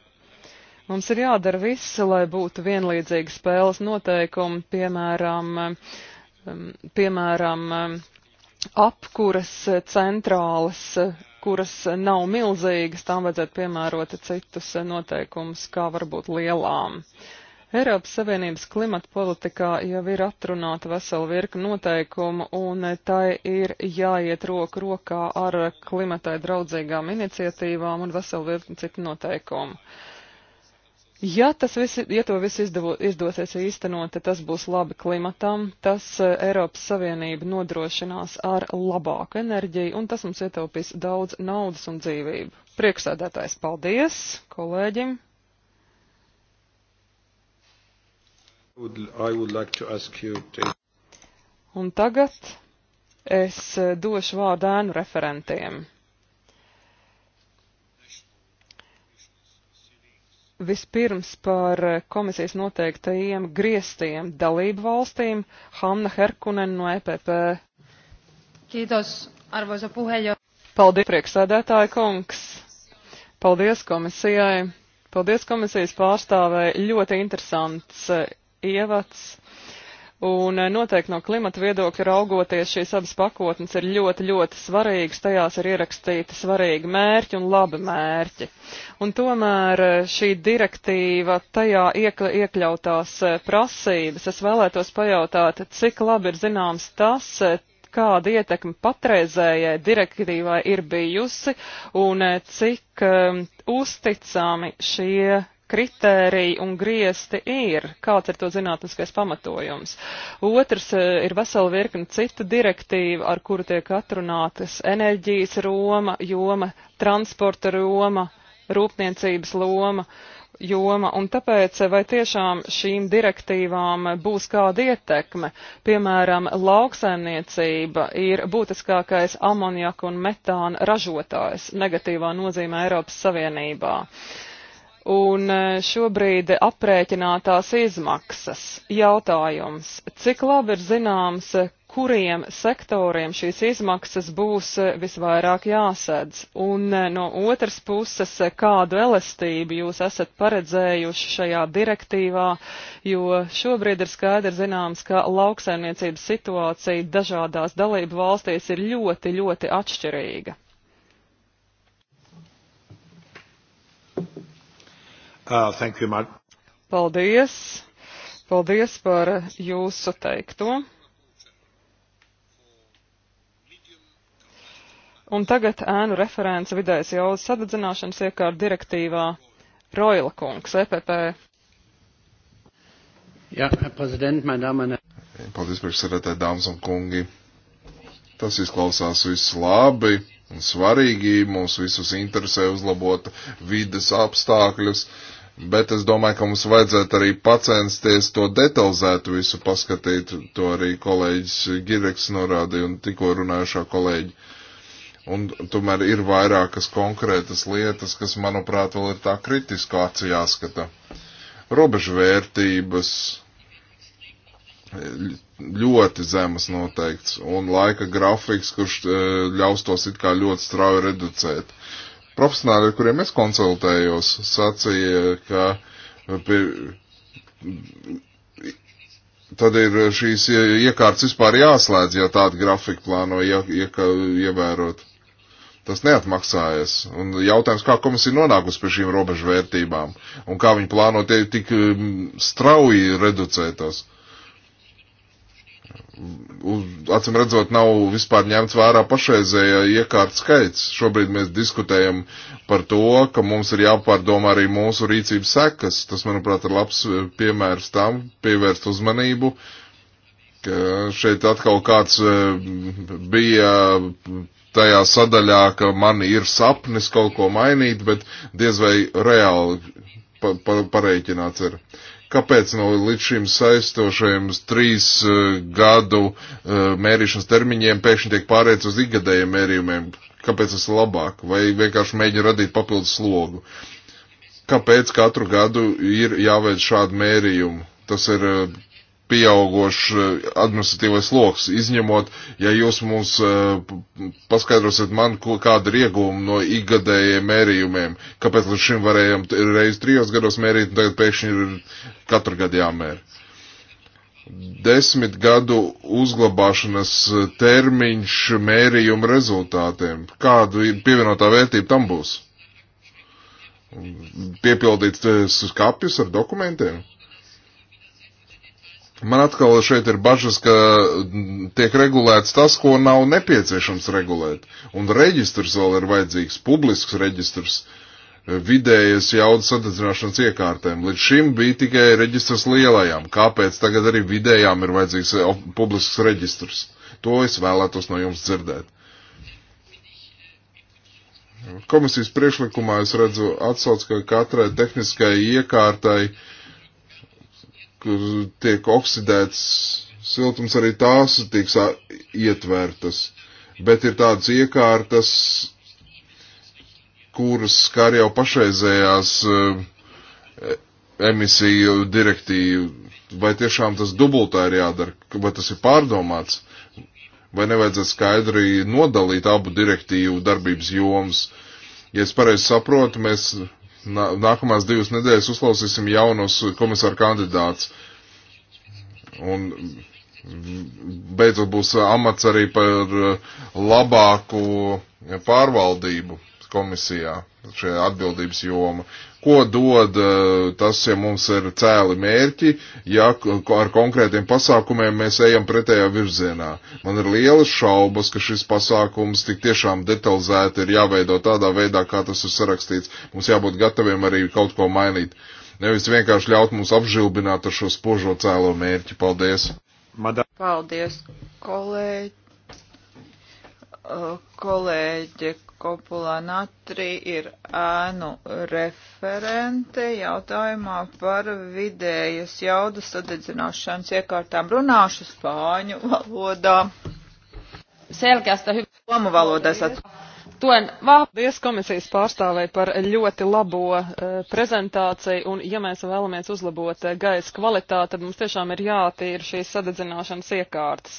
Speaker 3: Mums ir jādara viss, lai būtu vienlīdzīgi spēles noteikumi, piemēram, eh, piemēram apkuras centrālas kuras nav milzīgas, tām vajadzētu piemērot citus noteikumus, kā varbūt lielām. Eiropas Savienības klimata politikā jau ir atrunāta vesela virka noteikumu, un tai ir jāiet roku rokā ar klimatai draudzīgām iniciatīvām un veselu virkni citu noteikumu. Uh, Ja, viss, ja to viss izdavo, izdosies īstenot, tad tas būs labi klimatam, tas eh, Eiropas Savienība nodrošinās ar labāku enerģiju, un tas mums ietaupīs daudz naudas un dzīvību. Priekšsēdētājs, paldies kolēģim!
Speaker 1: Would, would like to...
Speaker 3: Un tagad es eh, došu vārdu ēnu referentiem. Vispirms par komisijas noteiktajiem griestiem dalību valstīm Hanna Herkunen no EPP. Kītos, arvoisa puheļo. Paldies, prieksēdētāja kungs. Paldies komisijai. Paldies komisijas pārstāvēji. Ļoti interesants eh, ievads Un eh, noteikti no klimata viedokļa raugoties, šīs abas pakotnes ir ļoti, ļoti svarīgas, tajās ir ierakstīti svarīgi mērķi un labi mērķi. Un tomēr eh, šī direktīva, tajā iekļa, iekļautās eh, prasības, es vēlētos pajautāt, cik labi ir zināms tas, kāda ietekme patreizējai direktīvai ir bijusi un cik um, uzticami šie kritēriji un griesti ir, kāds ir to zinātniskais pamatojums. Otrs eh, ir vesela virkni citu direktīvu, ar kuru tiek atrunātas enerģijas roma, joma, transporta roma, rūpniecības loma. Joma, un tāpēc eh, vai tiešām šīm direktīvām būs kāda ietekme? Piemēram, lauksaimniecība ir būtiskākais amoniaku un metāna ražotājs negatīvā nozīmē Eiropas Savienībā. Uh, un e, šobrīd aprēķinātās izmaksas. Jautājums, cik labi ir zināms, kuriem sektoriem šīs izmaksas būs e, visvairāk jāsedz, un e, no otras puses, kādu elastību jūs esat paredzējuši šajā direktīvā, jo šobrīd ir skaidri zināms, ka lauksaimniecības situācija dažādās dalību valstīs ir ļoti, ļoti atšķirīga.
Speaker 2: Uh, thank you, Mark.
Speaker 3: Paldies. Paldies par jūsu teikto. Un tagad ēnu referents vidējas jaudas sadedzināšanas iekārta direktīvā Roila kungs, EPP.
Speaker 2: Jā, ja, prezident, man dāmane.
Speaker 1: Paldies, priekšsēdētāji, dāmas un kungi. Tas izklausās viss labi un svarīgi. Mūs visus interesē uzlabot vides apstākļus. Uh, bet es domāju, ka mums vajadzētu arī pacensties to detalizēt visu paskatīt, to arī kolēģis Gireks norādīja un tikko runājušā kolēģi. Un tomēr ir vairākas konkrētas lietas, kas, manuprāt, vēl ir tā kritiska acī jāskata. Robežvērtības ļoti zemas noteikts, un laika grafiks, kurš eh, ļaus tos it kā ļoti strauji reducēt. Profesionāļi, ar kuriem es konsultējos, sacīja, ka eh, pie, tad ir šīs iekārtas vispār jāslēdz, ja tādu grafiku plāno ie, ie, ievērot. Tas neatmaksājas. Un jautājums, kā komisija nonākusi pie šīm robežu vērtībām un kā viņi plāno tie tik mm, strauji reducētos. Uh, acim redzot, nav vispār ņemts vērā pašreizējā iekārta skaits. Šobrīd mēs diskutējam par to, ka mums ir jāpārdomā arī mūsu rīcības sekas. Tas, manuprāt, ir labs eh, piemērs tam, pievērst uzmanību, ka šeit atkal kāds eh, bija tajā sadaļā, ka man ir sapnis kaut ko mainīt, bet diez vai reāli pa, pa, pareiķināts ir kāpēc no līdz šim saistošajiem trīs uh, gadu uh, mērīšanas termiņiem pēkšņi tiek pārēc uz ikgadējiem mērījumiem? Kāpēc tas ir labāk? Vai vienkārši mēģina radīt papildus slogu? Kāpēc katru gadu ir jāveic šādu mērījumu? Tas ir uh, pieaugošs eh, administratīvais sloks, izņemot, ja jūs mums eh, paskaidrosiet man, kāda ir iegūma no ikgadējiem mērījumiem, kāpēc līdz šim varējām reiz trijos gados mērīt, un tagad pēkšņi ir katru gadu jāmēra. Desmit gadu uzglabāšanas eh, termiņš mērījuma rezultātiem. Kādu pievienotā vērtība tam būs? Piepildīt skapjus ar dokumentiem? Man atkal šeit ir bažas, ka tiek regulēts tas, ko nav nepieciešams regulēt. Un reģistrs vēl ir vajadzīgs, publisks reģistrs vidējas jaudas sadedzināšanas iekārtēm. Līdz šim bija tikai reģistrs lielajām. Kāpēc tagad arī vidējām ir vajadzīgs eh, publisks reģistrs? To es vēlētos no jums dzirdēt. Komisijas priekšlikumā es redzu atsauc, ka katrai tehniskai iekārtai uh, kur tiek oksidēts siltums, arī tās tiks ietvērtas. Bet ir tādas iekārtas, kuras skar jau pašreizējās uh, emisiju direktīvu. Vai tiešām tas dubultā ir jādara, vai tas ir pārdomāts, vai nevajadzētu skaidri nodalīt abu direktīvu darbības jomas. Ja es pareizi saprotu, mēs Nākamās divas nedēļas uzklausīsim jaunus komisāru kandidātus. Un beidzot būs amats arī par labāku pārvaldību komisijā šajā atbildības joma ko dod eh, tas, ja mums ir cēli mērķi, ja ar konkrētiem pasākumiem mēs ejam pretējā virzienā. Man ir lielas šaubas, ka šis pasākums tik tiešām detalizēti ir jāveido tādā veidā, kā tas ir sarakstīts. Mums jābūt gataviem arī kaut ko mainīt. Nevis vienkārši ļaut mums apžilbināt ar šo spožo cēlo mērķi. Paldies! Madam.
Speaker 2: Paldies, kolēģi! kolēģe Kopulā Natri ir ēnu referente jautājumā par vidējas jaudas sadedzināšanas iekārtām. Runāšu spāņu valodā.
Speaker 3: Selkeästä hyvä.
Speaker 2: Suomuvaloda.
Speaker 3: Tuen Paldies komisijas pārstāvēji par ļoti labo uh, prezentāciju, un ja mēs vēlamies uzlabot uh, gaisa kvalitāti, tad mums tiešām ir jātīra šīs sadedzināšanas iekārtas.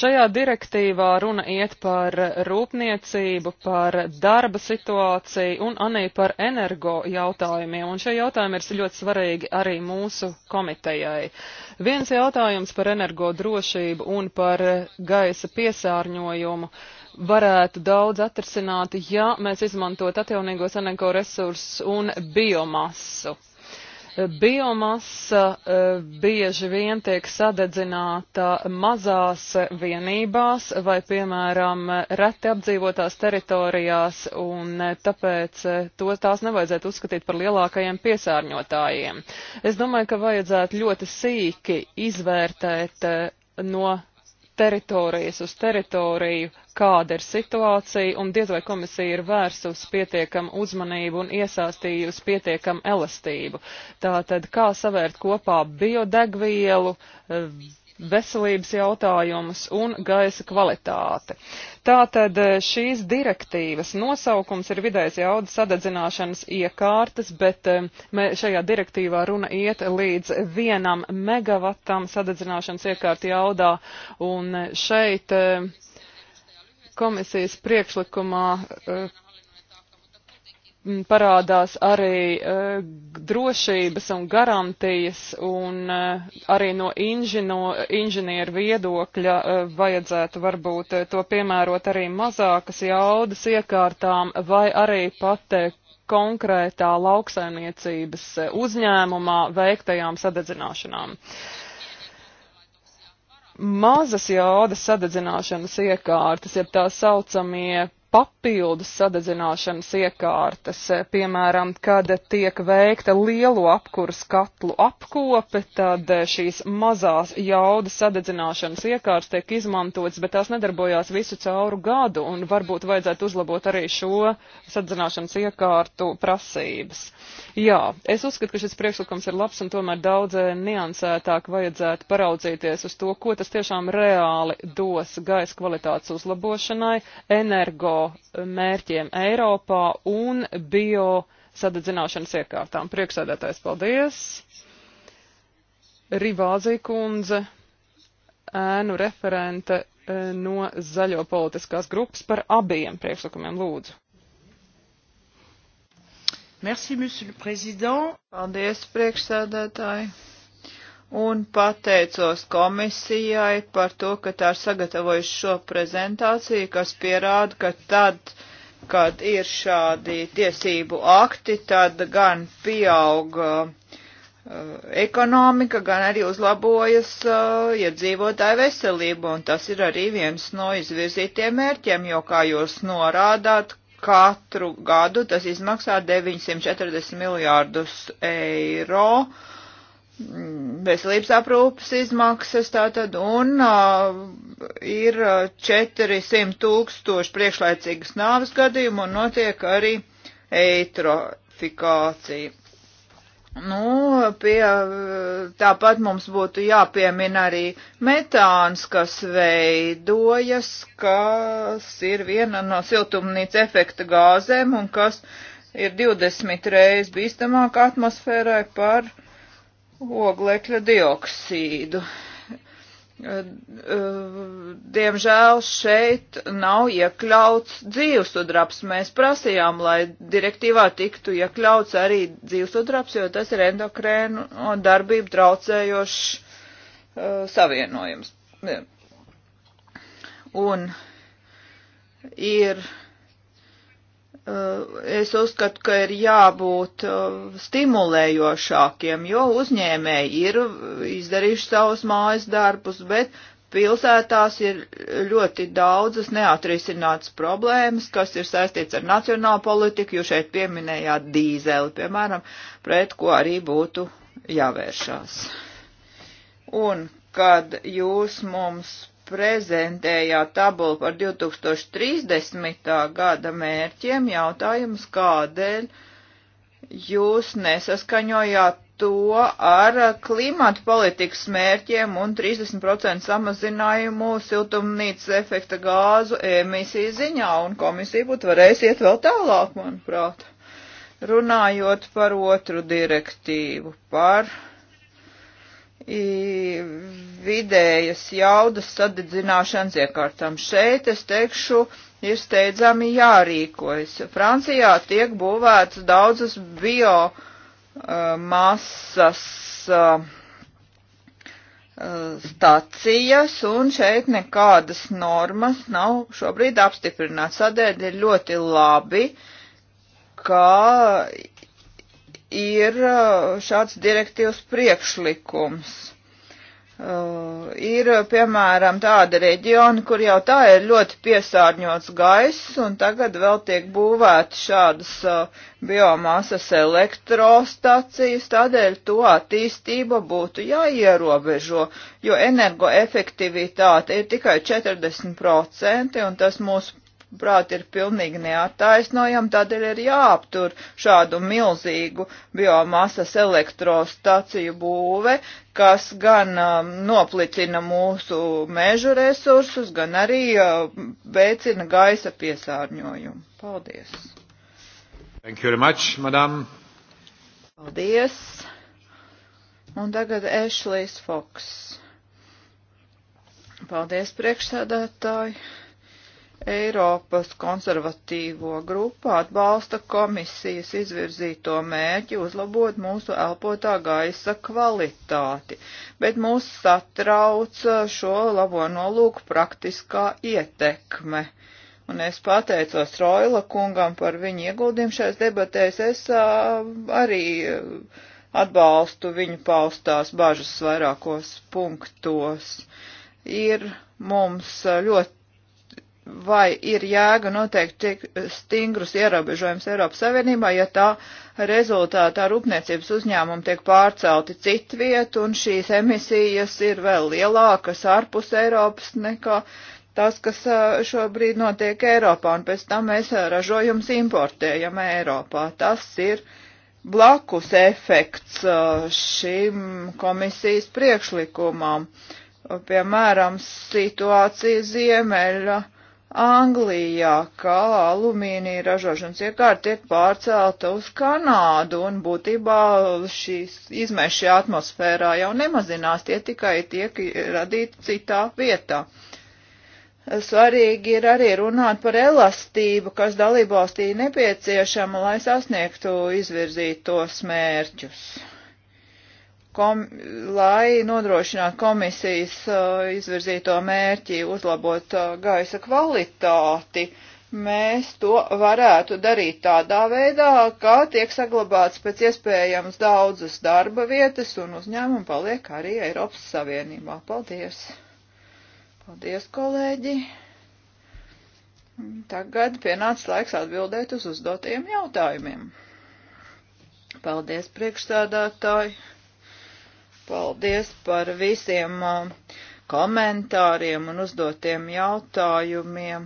Speaker 3: Šajā direktīvā runa iet par rūpniecību, par darba situāciju un arī par energo jautājumiem, un šie jautājumi ir ļoti svarīgi arī mūsu komitejai. Viens jautājums par energo drošību un par eh, gaisa piesārņojumu. Uh, varētu daudz atrasināt, ja mēs izmantot atjaunīgos energoresursus un biomasu. Biomasa e, bieži vien tiek sadedzināta mazās vienībās vai, piemēram, reti apdzīvotās teritorijās, un e, tāpēc e, to tās nevajadzētu uzskatīt par lielākajiem piesārņotājiem. Es domāju, ka vajadzētu ļoti sīki izvērtēt no teritorijas uz teritoriju, kāda ir situācija, un diez vai komisija ir vērsus pietiekam uzmanību un iesāstījusi pietiekam elastību. Tātad, kā savērt kopā biodegvielu, eh, veselības jautājumus un gaisa kvalitāti. Tātad eh, šīs direktīvas nosaukums ir vidējas jaudas sadedzināšanas iekārtas, bet eh, šajā direktīvā runa iet līdz vienam megavatam sadedzināšanas iekārta jaudā, un eh, šeit komisijas priekšlikumā parādās arī uh, drošības un garantijas un uh, arī no inžino, inženieru viedokļa uh, vajadzētu varbūt to piemērot arī mazākas jaudas iekārtām vai arī pat konkrētā lauksaimniecības uzņēmumā veiktajām sadedzināšanām. Mazas jaudas sadedzināšanas iekārtas, ja tā saucamie papildus sadedzināšanas iekārtas, e, piemēram, kad tiek veikta lielo apkuras katlu apkope, tad e, šīs mazās jaudas sadedzināšanas iekārtas tiek izmantotas, bet tās nedarbojās visu cauru gadu, un varbūt vajadzētu uzlabot arī šo sadedzināšanas iekārtu prasības. Jā, es uzskatu, ka šis priekšlikums ir labs, un tomēr daudz e, niansētāk vajadzētu paraudzīties uz to, ko tas tiešām reāli dos gaisa kvalitātes uzlabošanai, energo biomērķiem Eiropā un bio sadedzināšanas iekārtām. Priekšsēdētājs, paldies! Rivāzī kundze, ēnu referente eh, no zaļo politiskās grupas par abiem priekšlikumiem lūdzu.
Speaker 2: Merci, monsieur le président. Paldies, priekšsēdētāji un pateicos komisijai par to, ka tā ir sagatavojusi šo prezentāciju, kas pierāda, ka tad, kad ir šādi tiesību akti, tad gan pieauga uh, ekonomika, gan arī uzlabojas uh, iedzīvotāju veselību, un tas ir arī viens no izvirzītiem mērķiem, jo, kā jūs norādāt, katru gadu tas izmaksā 940 miljārdus eiro, uh, veselības aprūpas izmaksas tātad un uh, ir 400 tūkstoši priekšlaicīgas nāves gadījumu un notiek arī eitrofikācija. Nu, pie, tāpat mums būtu jāpiemina arī metāns, kas veidojas, kas ir viena no siltumnīca efekta gāzēm un kas ir 20 reizes bīstamāk atmosfērai par uh, oglekļa dioksīdu. Diemžēl šeit nav iekļauts dzīvesudraps. Mēs prasījām, lai direktīvā tiktu iekļauts arī dzīvesudraps, jo tas ir endokrēnu darbību traucējošs uh, savienojums. Un ir Eh, es uzskatu, ka ir jābūt eh, stimulējošākiem, jo uzņēmēji ir izdarījuši savus mājas darbus, bet pilsētās ir ļoti daudzas neatrisinātas problēmas, kas ir saistīts ar nacionālu politiku, jūs šeit pieminējāt dīzeli, piemēram, pret ko arī būtu jāvēršās. Un kad jūs mums prezentējāt tabulu par 2030. gada mērķiem, jautājums kādēļ jūs nesaskaņojāt to ar klimatu politikas mērķiem un 30% samazinājumu siltumnīcas efekta gāzu emisiju ziņā, un komisija būtu varējusi iet vēl tālāk, manuprāt. Runājot par otru direktīvu, par vidējas jaudas sadedzināšanas iekārtām. Šeit es teikšu, ir steidzami jārīkojas. Francijā tiek būvēts daudzas biomasas uh, uh, uh, stacijas, un šeit nekādas normas nav šobrīd apstiprināts. Sadēļ ir ļoti labi, ka ir uh, šāds direktīvas priekšlikums. Uh, ir, uh, piemēram, tāda reģiona, kur jau tā ir ļoti piesārņots gaiss, un tagad vēl tiek būvēti šādas uh, biomasas elektrostacijas, tādēļ to attīstība būtu jāierobežo, jo energoefektivitāte ir tikai 40%, un tas mūsu prāt, ir pilnīgi neattaisnojama, tādēļ ir jāaptur šādu milzīgu biomasas elektrostaciju būve, kas gan um, noplicina mūsu mežu resursus, gan arī um, veicina gaisa piesārņojumu. Paldies! Thank you very much, madam! Paldies! Un tagad Ešlijs Foks. Paldies, priekšsēdētāji! Eiropas konservatīvo grupu atbalsta komisijas izvirzīto mērķi uzlabot mūsu elpotā gaisa kvalitāti, bet mūs satrauc šo labo nolūku praktiskā ietekme. Un es pateicos Roila kungam par viņu ieguldījumu šajās debatēs. Es uh, arī atbalstu viņu paustās bažas vairākos punktos. Ir mums ļoti vai ir jēga noteikti tik stingrus ierobežojums Eiropas Savienībā, ja tā rezultātā rūpniecības uzņēmumi tiek pārcelti citviet, un šīs emisijas ir vēl lielākas ārpus Eiropas nekā tas, kas šobrīd notiek Eiropā, un pēc tam mēs ražojums importējam Eiropā. Tas ir blakus efekts šim komisijas priekšlikumam. Piemēram, situācija Ziemeļa Anglijā, ka alumīnija ražošanas iekārta tiek pārcelta uz Kanādu, un būtībā šīs izmeši atmosfērā jau nemazinās, tie tikai tiek radīti citā vietā. Svarīgi ir arī runāt par elastību, kas dalībvalstī nepieciešama, lai sasniegtu izvirzītos mērķus kom, lai nodrošinātu komisijas uh, izvirzīto mērķi uzlabot uh, gaisa kvalitāti, mēs to varētu darīt tādā veidā, ka tiek saglabāts pēc iespējams daudzas darba vietas un uzņēmumi paliek arī Eiropas Savienībā. Paldies! Paldies, kolēģi! Tagad pienācis laiks atbildēt uz uzdotiem jautājumiem. Paldies, priekšstādātāji! Paldies par visiem uh, komentāriem un uzdotiem jautājumiem.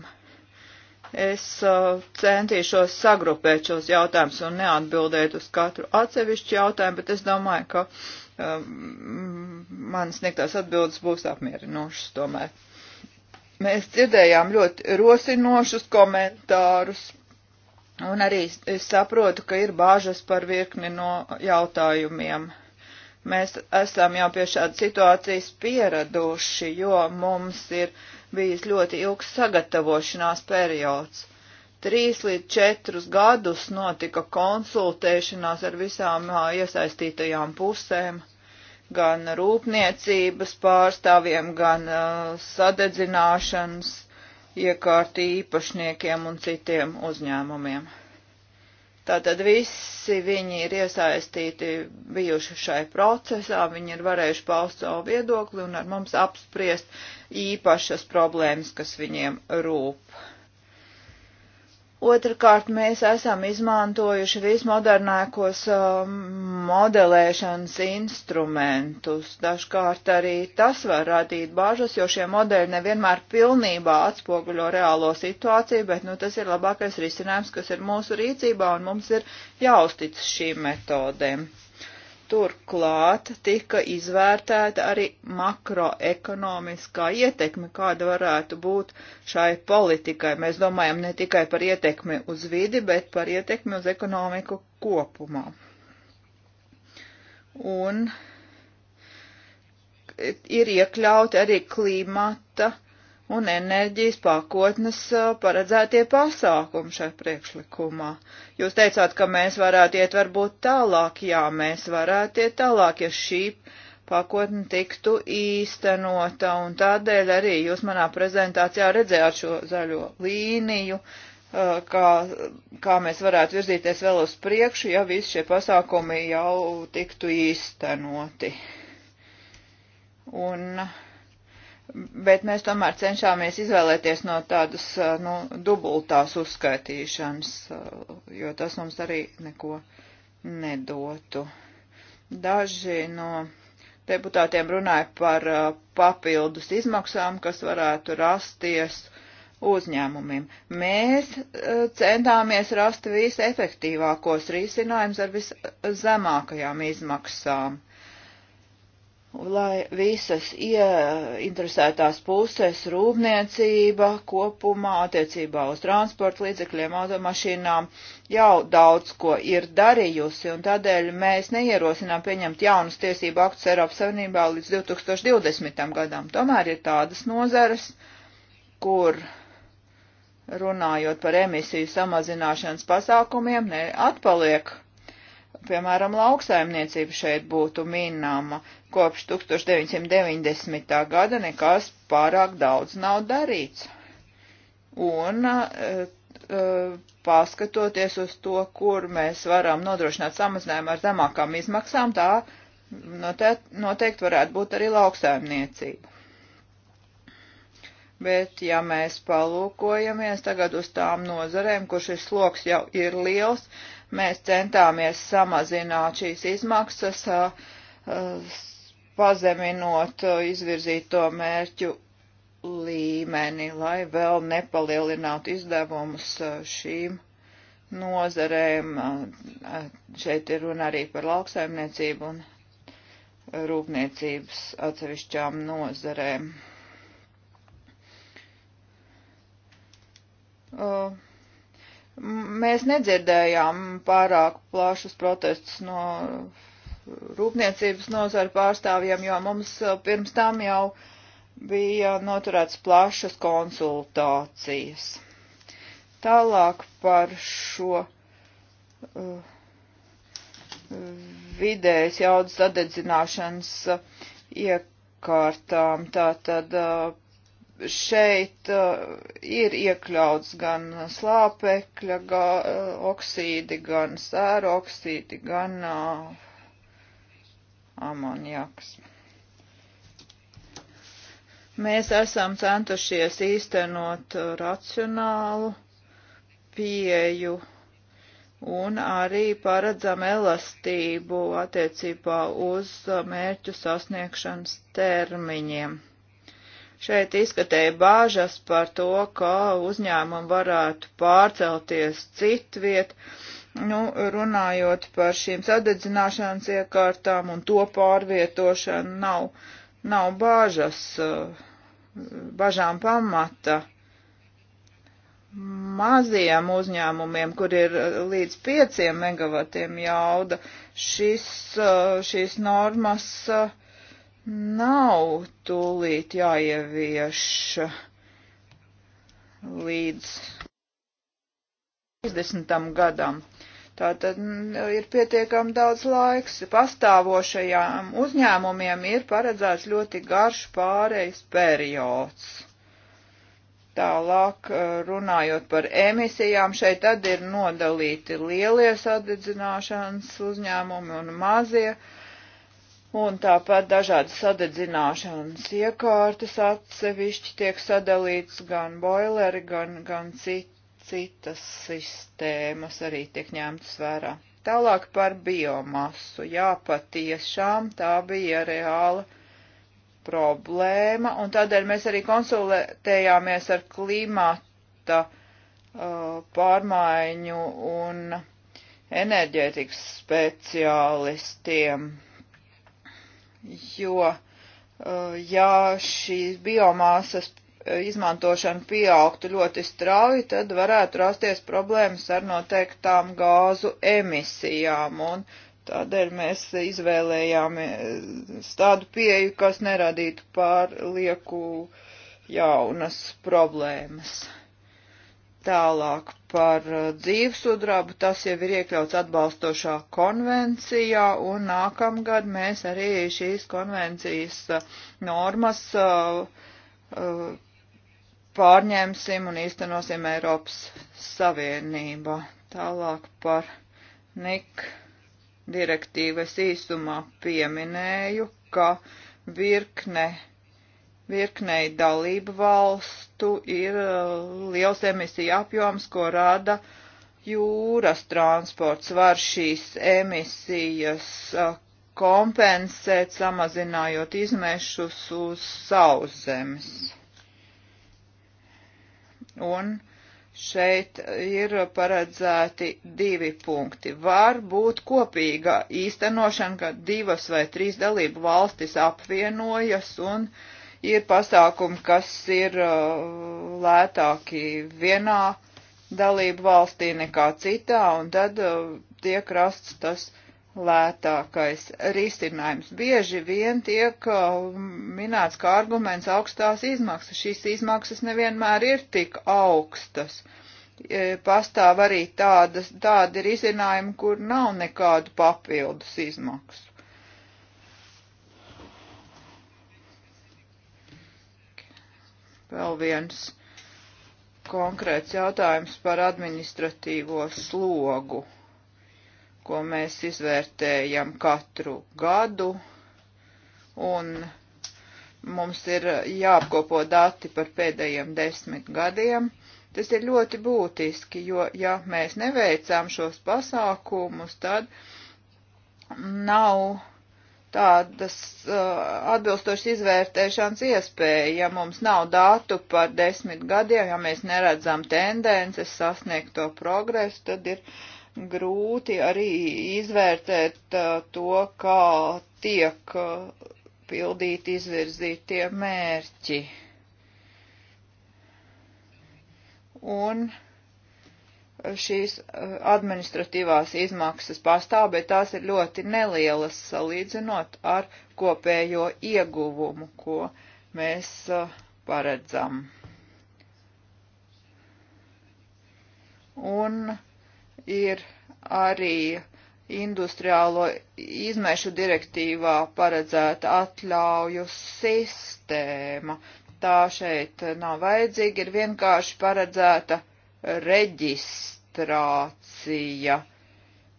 Speaker 2: Es uh, centīšos sagrupēt šos jautājumus un neatbildēt uz katru atsevišķu jautājumu, bet es domāju, ka um, manas sniegtās atbildes būs apmierinošas tomēr. Mēs dzirdējām ļoti rosinošus komentārus, un arī es saprotu, ka ir bāžas par virkni no jautājumiem. Mēs esam jau pie šādas situācijas pieraduši, jo mums ir bijis ļoti ilgs sagatavošanās periods. Trīs līdz četrus gadus notika konsultēšanās ar visām iesaistītajām pusēm gan rūpniecības pārstāvjiem, gan uh, sadedzināšanas iekārti īpašniekiem un citiem uzņēmumiem. Tātad visi viņi ir iesaistīti bijuši šai procesā, viņi ir varējuši paust savu viedokli un ar mums apspriest īpašas problēmas, kas viņiem rūp. Otrakārt, mēs esam izmantojuši vismodernākos uh, modelēšanas instrumentus. Dažkārt arī tas var radīt bāžas, jo šie modeļi nevienmēr pilnībā atspoguļo reālo situāciju, bet nu, tas ir labākais risinājums, kas ir mūsu rīcībā, un mums ir jāuztic šīm metodēm. Turklāt tika izvērtēta arī makroekonomiskā ietekme, kāda varētu būt šai politikai. Mēs domājam ne tikai par ietekmi uz vidi, bet par ietekmi uz ekonomiku kopumā. Un ir iekļauti arī klimata un enerģijas pakotnes paredzētie pasākumi šai priekšlikumā. Jūs teicāt, ka mēs varētu iet varbūt tālāk, jā, mēs varētu iet tālāk, ja šī pakotne tiktu īstenota, un tādēļ arī jūs manā prezentācijā redzējāt šo zaļo līniju, kā, kā mēs varētu virzīties vēl uz priekšu, ja visi šie pasākumi jau tiktu īstenoti. Un uh, bet mēs tomēr cenšāmies izvēlēties no tādas nu, dubultās uzskaitīšanas, jo tas mums arī neko nedotu. Daži no deputātiem runāja par papildus izmaksām, kas varētu rasties uzņēmumiem. Mēs centāmies rast visefektīvākos risinājumus ar viszemākajām izmaksām lai visas ieinteresētās puses rūpniecība kopumā attiecībā uz transporta līdzekļiem, automašīnām jau daudz ko ir darījusi, un tādēļ mēs neierosinām pieņemt jaunus tiesību aktus Eiropas Savienībā līdz 2020. gadam. Tomēr ir tādas nozares, kur runājot par emisiju samazināšanas pasākumiem, neatpaliek Piemēram, lauksaimniecība šeit būtu minama. Kopš 1990. gada nekas pārāk daudz nav darīts. Un uh, paskatoties uz to, kur mēs varam nodrošināt samazinājumu ar zemākām izmaksām, tā noteikti varētu būt arī lauksaimniecība. Bet, ja mēs palūkojamies tagad uz tām nozarēm, kur šis sloks jau ir liels, uh, Mēs centāmies samazināt šīs izmaksas, pazeminot izvirzīto mērķu līmeni, lai vēl nepalielinātu izdevumus šīm nozarēm. Šeit ir runa arī par lauksaimniecību un rūpniecības atsevišķām nozarēm. Uh, Mēs nedzirdējām pārāk plašus protestus no rūpniecības nozara pārstāvjiem, jo mums eh, pirms tam jau bija noturēts plašas konsultācijas. Tālāk par šo uh, vidējas jaudas sadedzināšanas iekārtām. Tātad uh, šeit uh, ir iekļauts gan slāpekļa gā, uh, oksīdi, gan sēra oksīdi, gan uh, amoniaks. Mēs esam centušies īstenot racionālu pieju un arī paredzam elastību attiecībā uz mērķu sasniegšanas termiņiem Šeit izskatīja bāžas par to, ka uzņēmumi varētu pārcelties citviet, nu, runājot par šīm sadedzināšanas iekārtām un to pārvietošanu, nav, nav bāžas, eh, bažām pamata maziem uzņēmumiem, kur ir līdz 5 megavatiem jauda, šis, eh, šīs normas uh, nav tūlīt jāievieš līdz 30. gadam. Tātad mm, ir pietiekami daudz laiks. Pastāvošajām uzņēmumiem ir paredzēts ļoti garš pārejas periods. Tālāk eh, runājot par emisijām, šeit tad ir nodalīti lielie sadedzināšanas uzņēmumi un mazie uzņēmumi Un tāpat dažādas sadedzināšanas iekārtas atsevišķi tiek sadalīts gan boileri, gan, gan cit, citas sistēmas arī tiek ņemtas vērā. Tālāk par biomasu. Jā, patiešām tā bija reāla problēma, un tādēļ mēs arī konsultējāmies ar klimata uh, pārmaiņu un enerģētikas speciālistiem jo eh, ja šīs biomāsas eh, izmantošana pieaugtu ļoti strauji, tad varētu rasties problēmas ar noteiktām gāzu emisijām. Un tādēļ mēs izvēlējāmies eh, tādu pieeju, kas neradītu pārlieku jaunas problēmas. Tālāk par uh, dzīvesudrabu tas jau ir iekļauts atbalstošā konvencijā, un nākamgad mēs arī šīs konvencijas uh, normas uh, pārņemsim un īstenosim Eiropas Savienībā. Tālāk par NIK direktīvas īsumā pieminēju, ka virkne virknei dalību valstu ir uh, liels emisija apjoms, ko rada jūras transports. Var šīs emisijas uh, kompensēt, samazinājot izmešus uz sauszemes. Un šeit ir paredzēti divi punkti. Var būt kopīga īstenošana, kad divas vai trīs dalību valstis apvienojas un uh, ir pasākumi, kas ir uh, lētāki vienā dalību valstī nekā citā, un tad uh, tiek rasts tas lētākais risinājums. Bieži vien tiek uh, minēts kā arguments augstās izmaksas. Šīs izmaksas nevienmēr ir tik augstas. E, pastāv arī tādas, tādi risinājumi, kur nav nekādu papildus izmaksu. Vēl viens konkrēts jautājums par administratīvo slogu, ko mēs izvērtējam katru gadu, un mums ir jāapkopo dati par pēdējiem desmit gadiem. Tas ir ļoti būtiski, jo ja mēs neveicām šos pasākumus, tad nav tādas uh, atbilstošas izvērtēšanas iespēja, ja mums nav datu par desmit gadiem, ja mēs neredzam tendences sasniegto progresu, tad ir grūti arī izvērtēt uh, to, kā tiek uh, pildīti izvirzītie mērķi. Un uh, šīs eh, administratīvās izmaksas pastāv, bet tās ir ļoti nelielas salīdzinot ar kopējo ieguvumu, ko mēs eh, paredzam. Un ir arī industriālo izmešu direktīvā paredzēta atļauju sistēma. Tā šeit nav vajadzīga, ir vienkārši paredzēta uh, reģistrācija.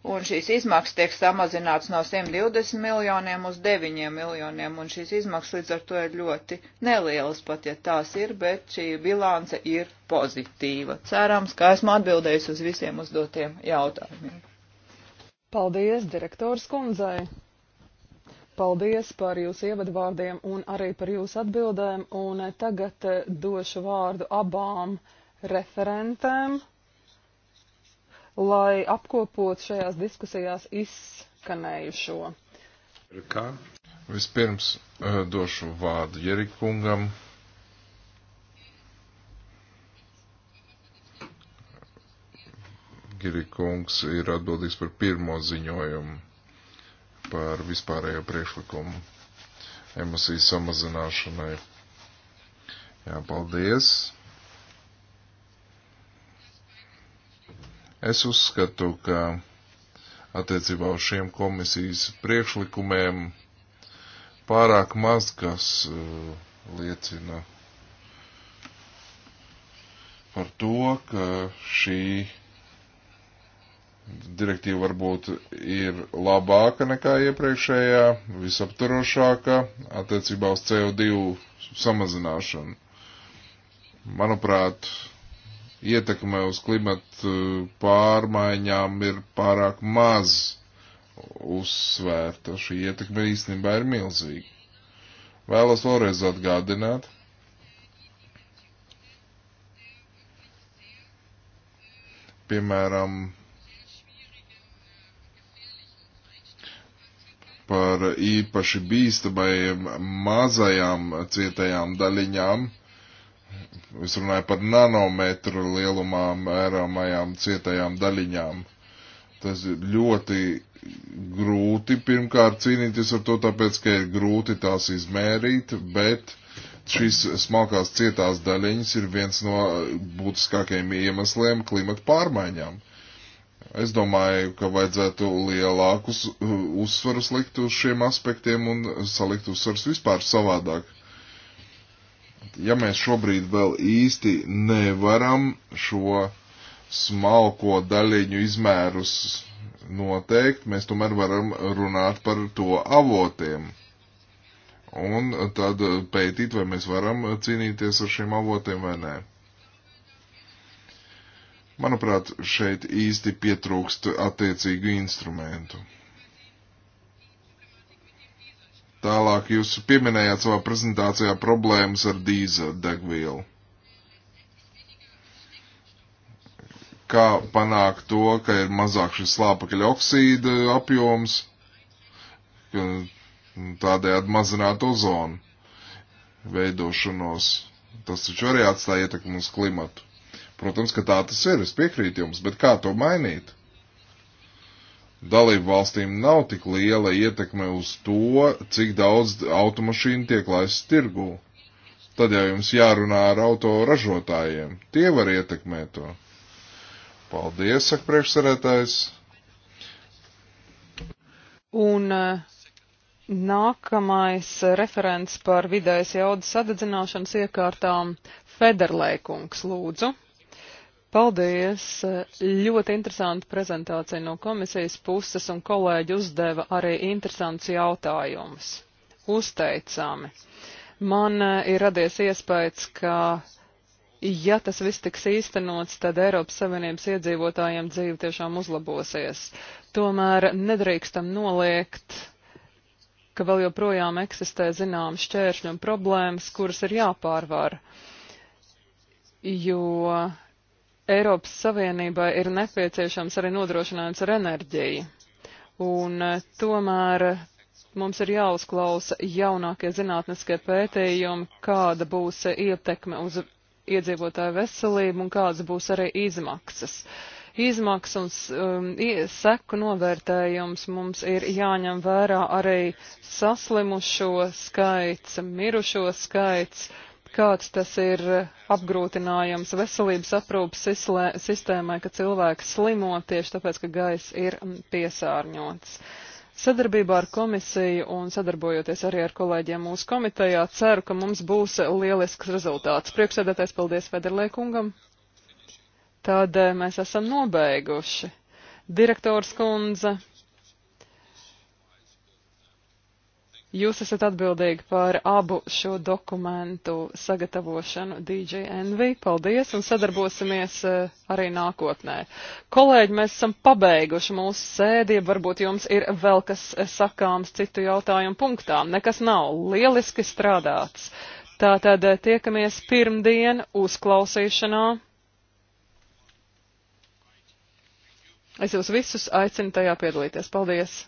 Speaker 2: Un šīs izmaksas tiek samazināts no 120 miljoniem uz 9 miljoniem, un šīs izmaksas līdz ar to ir ļoti nelielas, pat ja tās ir, bet šī bilance ir pozitīva. Cerams, ka esmu atbildējis uz visiem uzdotiem jautājumiem.
Speaker 3: Paldies, direktors kundzei! Paldies par jūsu ievadvārdiem un arī par jūsu atbildēm, un tagad eh, došu vārdu abām. Uh, referentēm, lai apkopot šajās diskusijās izskanējušo.
Speaker 1: Kā? Vispirms eh, došu vārdu Jerikungam. Girikungs ir atbildīgs par pirmo ziņojumu par vispārējo priekšlikumu emisiju samazināšanai. Jā, paldies! Es uzskatu, ka attiecībā uz šiem komisijas priekšlikumiem pārāk maz kas uh, liecina par to, ka šī direktīva varbūt ir labāka nekā iepriekšējā, visaptarošāka attiecībā uz CO2 samazināšanu. Manuprāt, ietekme uz klimatu e, pārmaiņām ir pārāk maz uzsvērta. Šī ietekme īstenībā ir milzīga. Vēlos vēlreiz atgādināt, piemēram, par īpaši bīstamajiem mazajām cietējām daļiņām Es runāju par nanometru lielumā mēramajām cietajām daļiņām. Tas ļoti grūti pirmkārt cīnīties ar to, tāpēc, ka ir grūti tās izmērīt, bet šīs smalkās cietās daļiņas ir viens no būtiskākajiem iemesliem klimata pārmaiņām. Es domāju, ka vajadzētu lielākus uh, uzsvarus likt uz šiem aspektiem un salikt uzsvarus vispār savādāk ja mēs šobrīd vēl īsti nevaram šo smalko daļiņu izmērus noteikt, mēs tomēr varam runāt par to avotiem. Un tad pētīt, vai mēs varam cīnīties ar šiem avotiem vai nē. Manuprāt, šeit īsti pietrūkst attiecīgu instrumentu. Tālāk jūs pieminējāt savā prezentācijā problēmas ar dīzeļdegvielu. Kā panākt to, ka ir mazāk šis slāpekļa oksīda apjoms, tādējādi mazināt ozonu veidošanos. Tas taču arī atstāja ietekmi uz klimatu. Protams, ka tā tas ir, es piekrītu jums, bet kā to mainīt? dalību valstīm nav tik liela ietekme uz to, cik daudz automašīnu tiek laists tirgū. Tad jau jums jārunā ar autoražotājiem. Tie var ietekmēt to. Paldies, saka priekšsarētājs.
Speaker 3: Un eh, nākamais referents par vidējas jaudas sadedzināšanas iekārtām Federlēkungs lūdzu. Paldies! Ļoti interesanta prezentācija no komisijas puses, un kolēģi uzdeva arī interesants jautājums. Uzteicami. Man eh, ir radies iespējas, ka, ja tas viss tiks īstenots, tad Eiropas Savienības iedzīvotājiem dzīve tiešām uzlabosies. Tomēr nedrīkstam noliegt, ka vēl joprojām eksistē zinām šķēršļi un problēmas, kuras ir jāpārvar. Jo Eiropas Savienībai ir nepieciešams arī nodrošinājums ar enerģiju. Un e, tomēr mums ir jāuzklausa jaunākie zinātniskie pētījumi, kāda būs ietekme uz iedzīvotāju veselību un kādas būs arī izmaksas. Izmaksas un um, seku novērtējums mums ir jāņem vērā arī saslimušo skaits, mirušo skaits kāds tas ir apgrūtinājums veselības aprūpas sistēmai, ka cilvēks slimo tieši tāpēc, ka gaiss ir piesārņots. Sadarbībā ar komisiju un sadarbojoties arī ar kolēģiem mūsu komitejā, ceru, ka mums būs lielisks rezultāts. Priekšsēdētājs paldies Federlē kungam. Tad eh, mēs esam nobeiguši. Direktors kundze, Jūs esat atbildīgi par abu šo dokumentu sagatavošanu DJ Envy. Paldies un sadarbosimies eh, arī nākotnē. Kolēģi, mēs esam pabeiguši mūsu sēdi. Varbūt jums ir vēl kas eh, sakāms citu jautājumu punktām. Nekas nav. Lieliski strādāts. Tātad eh, tiekamies pirmdien uzklausīšanā. Es jūs visus aicinu tajā piedalīties. Paldies!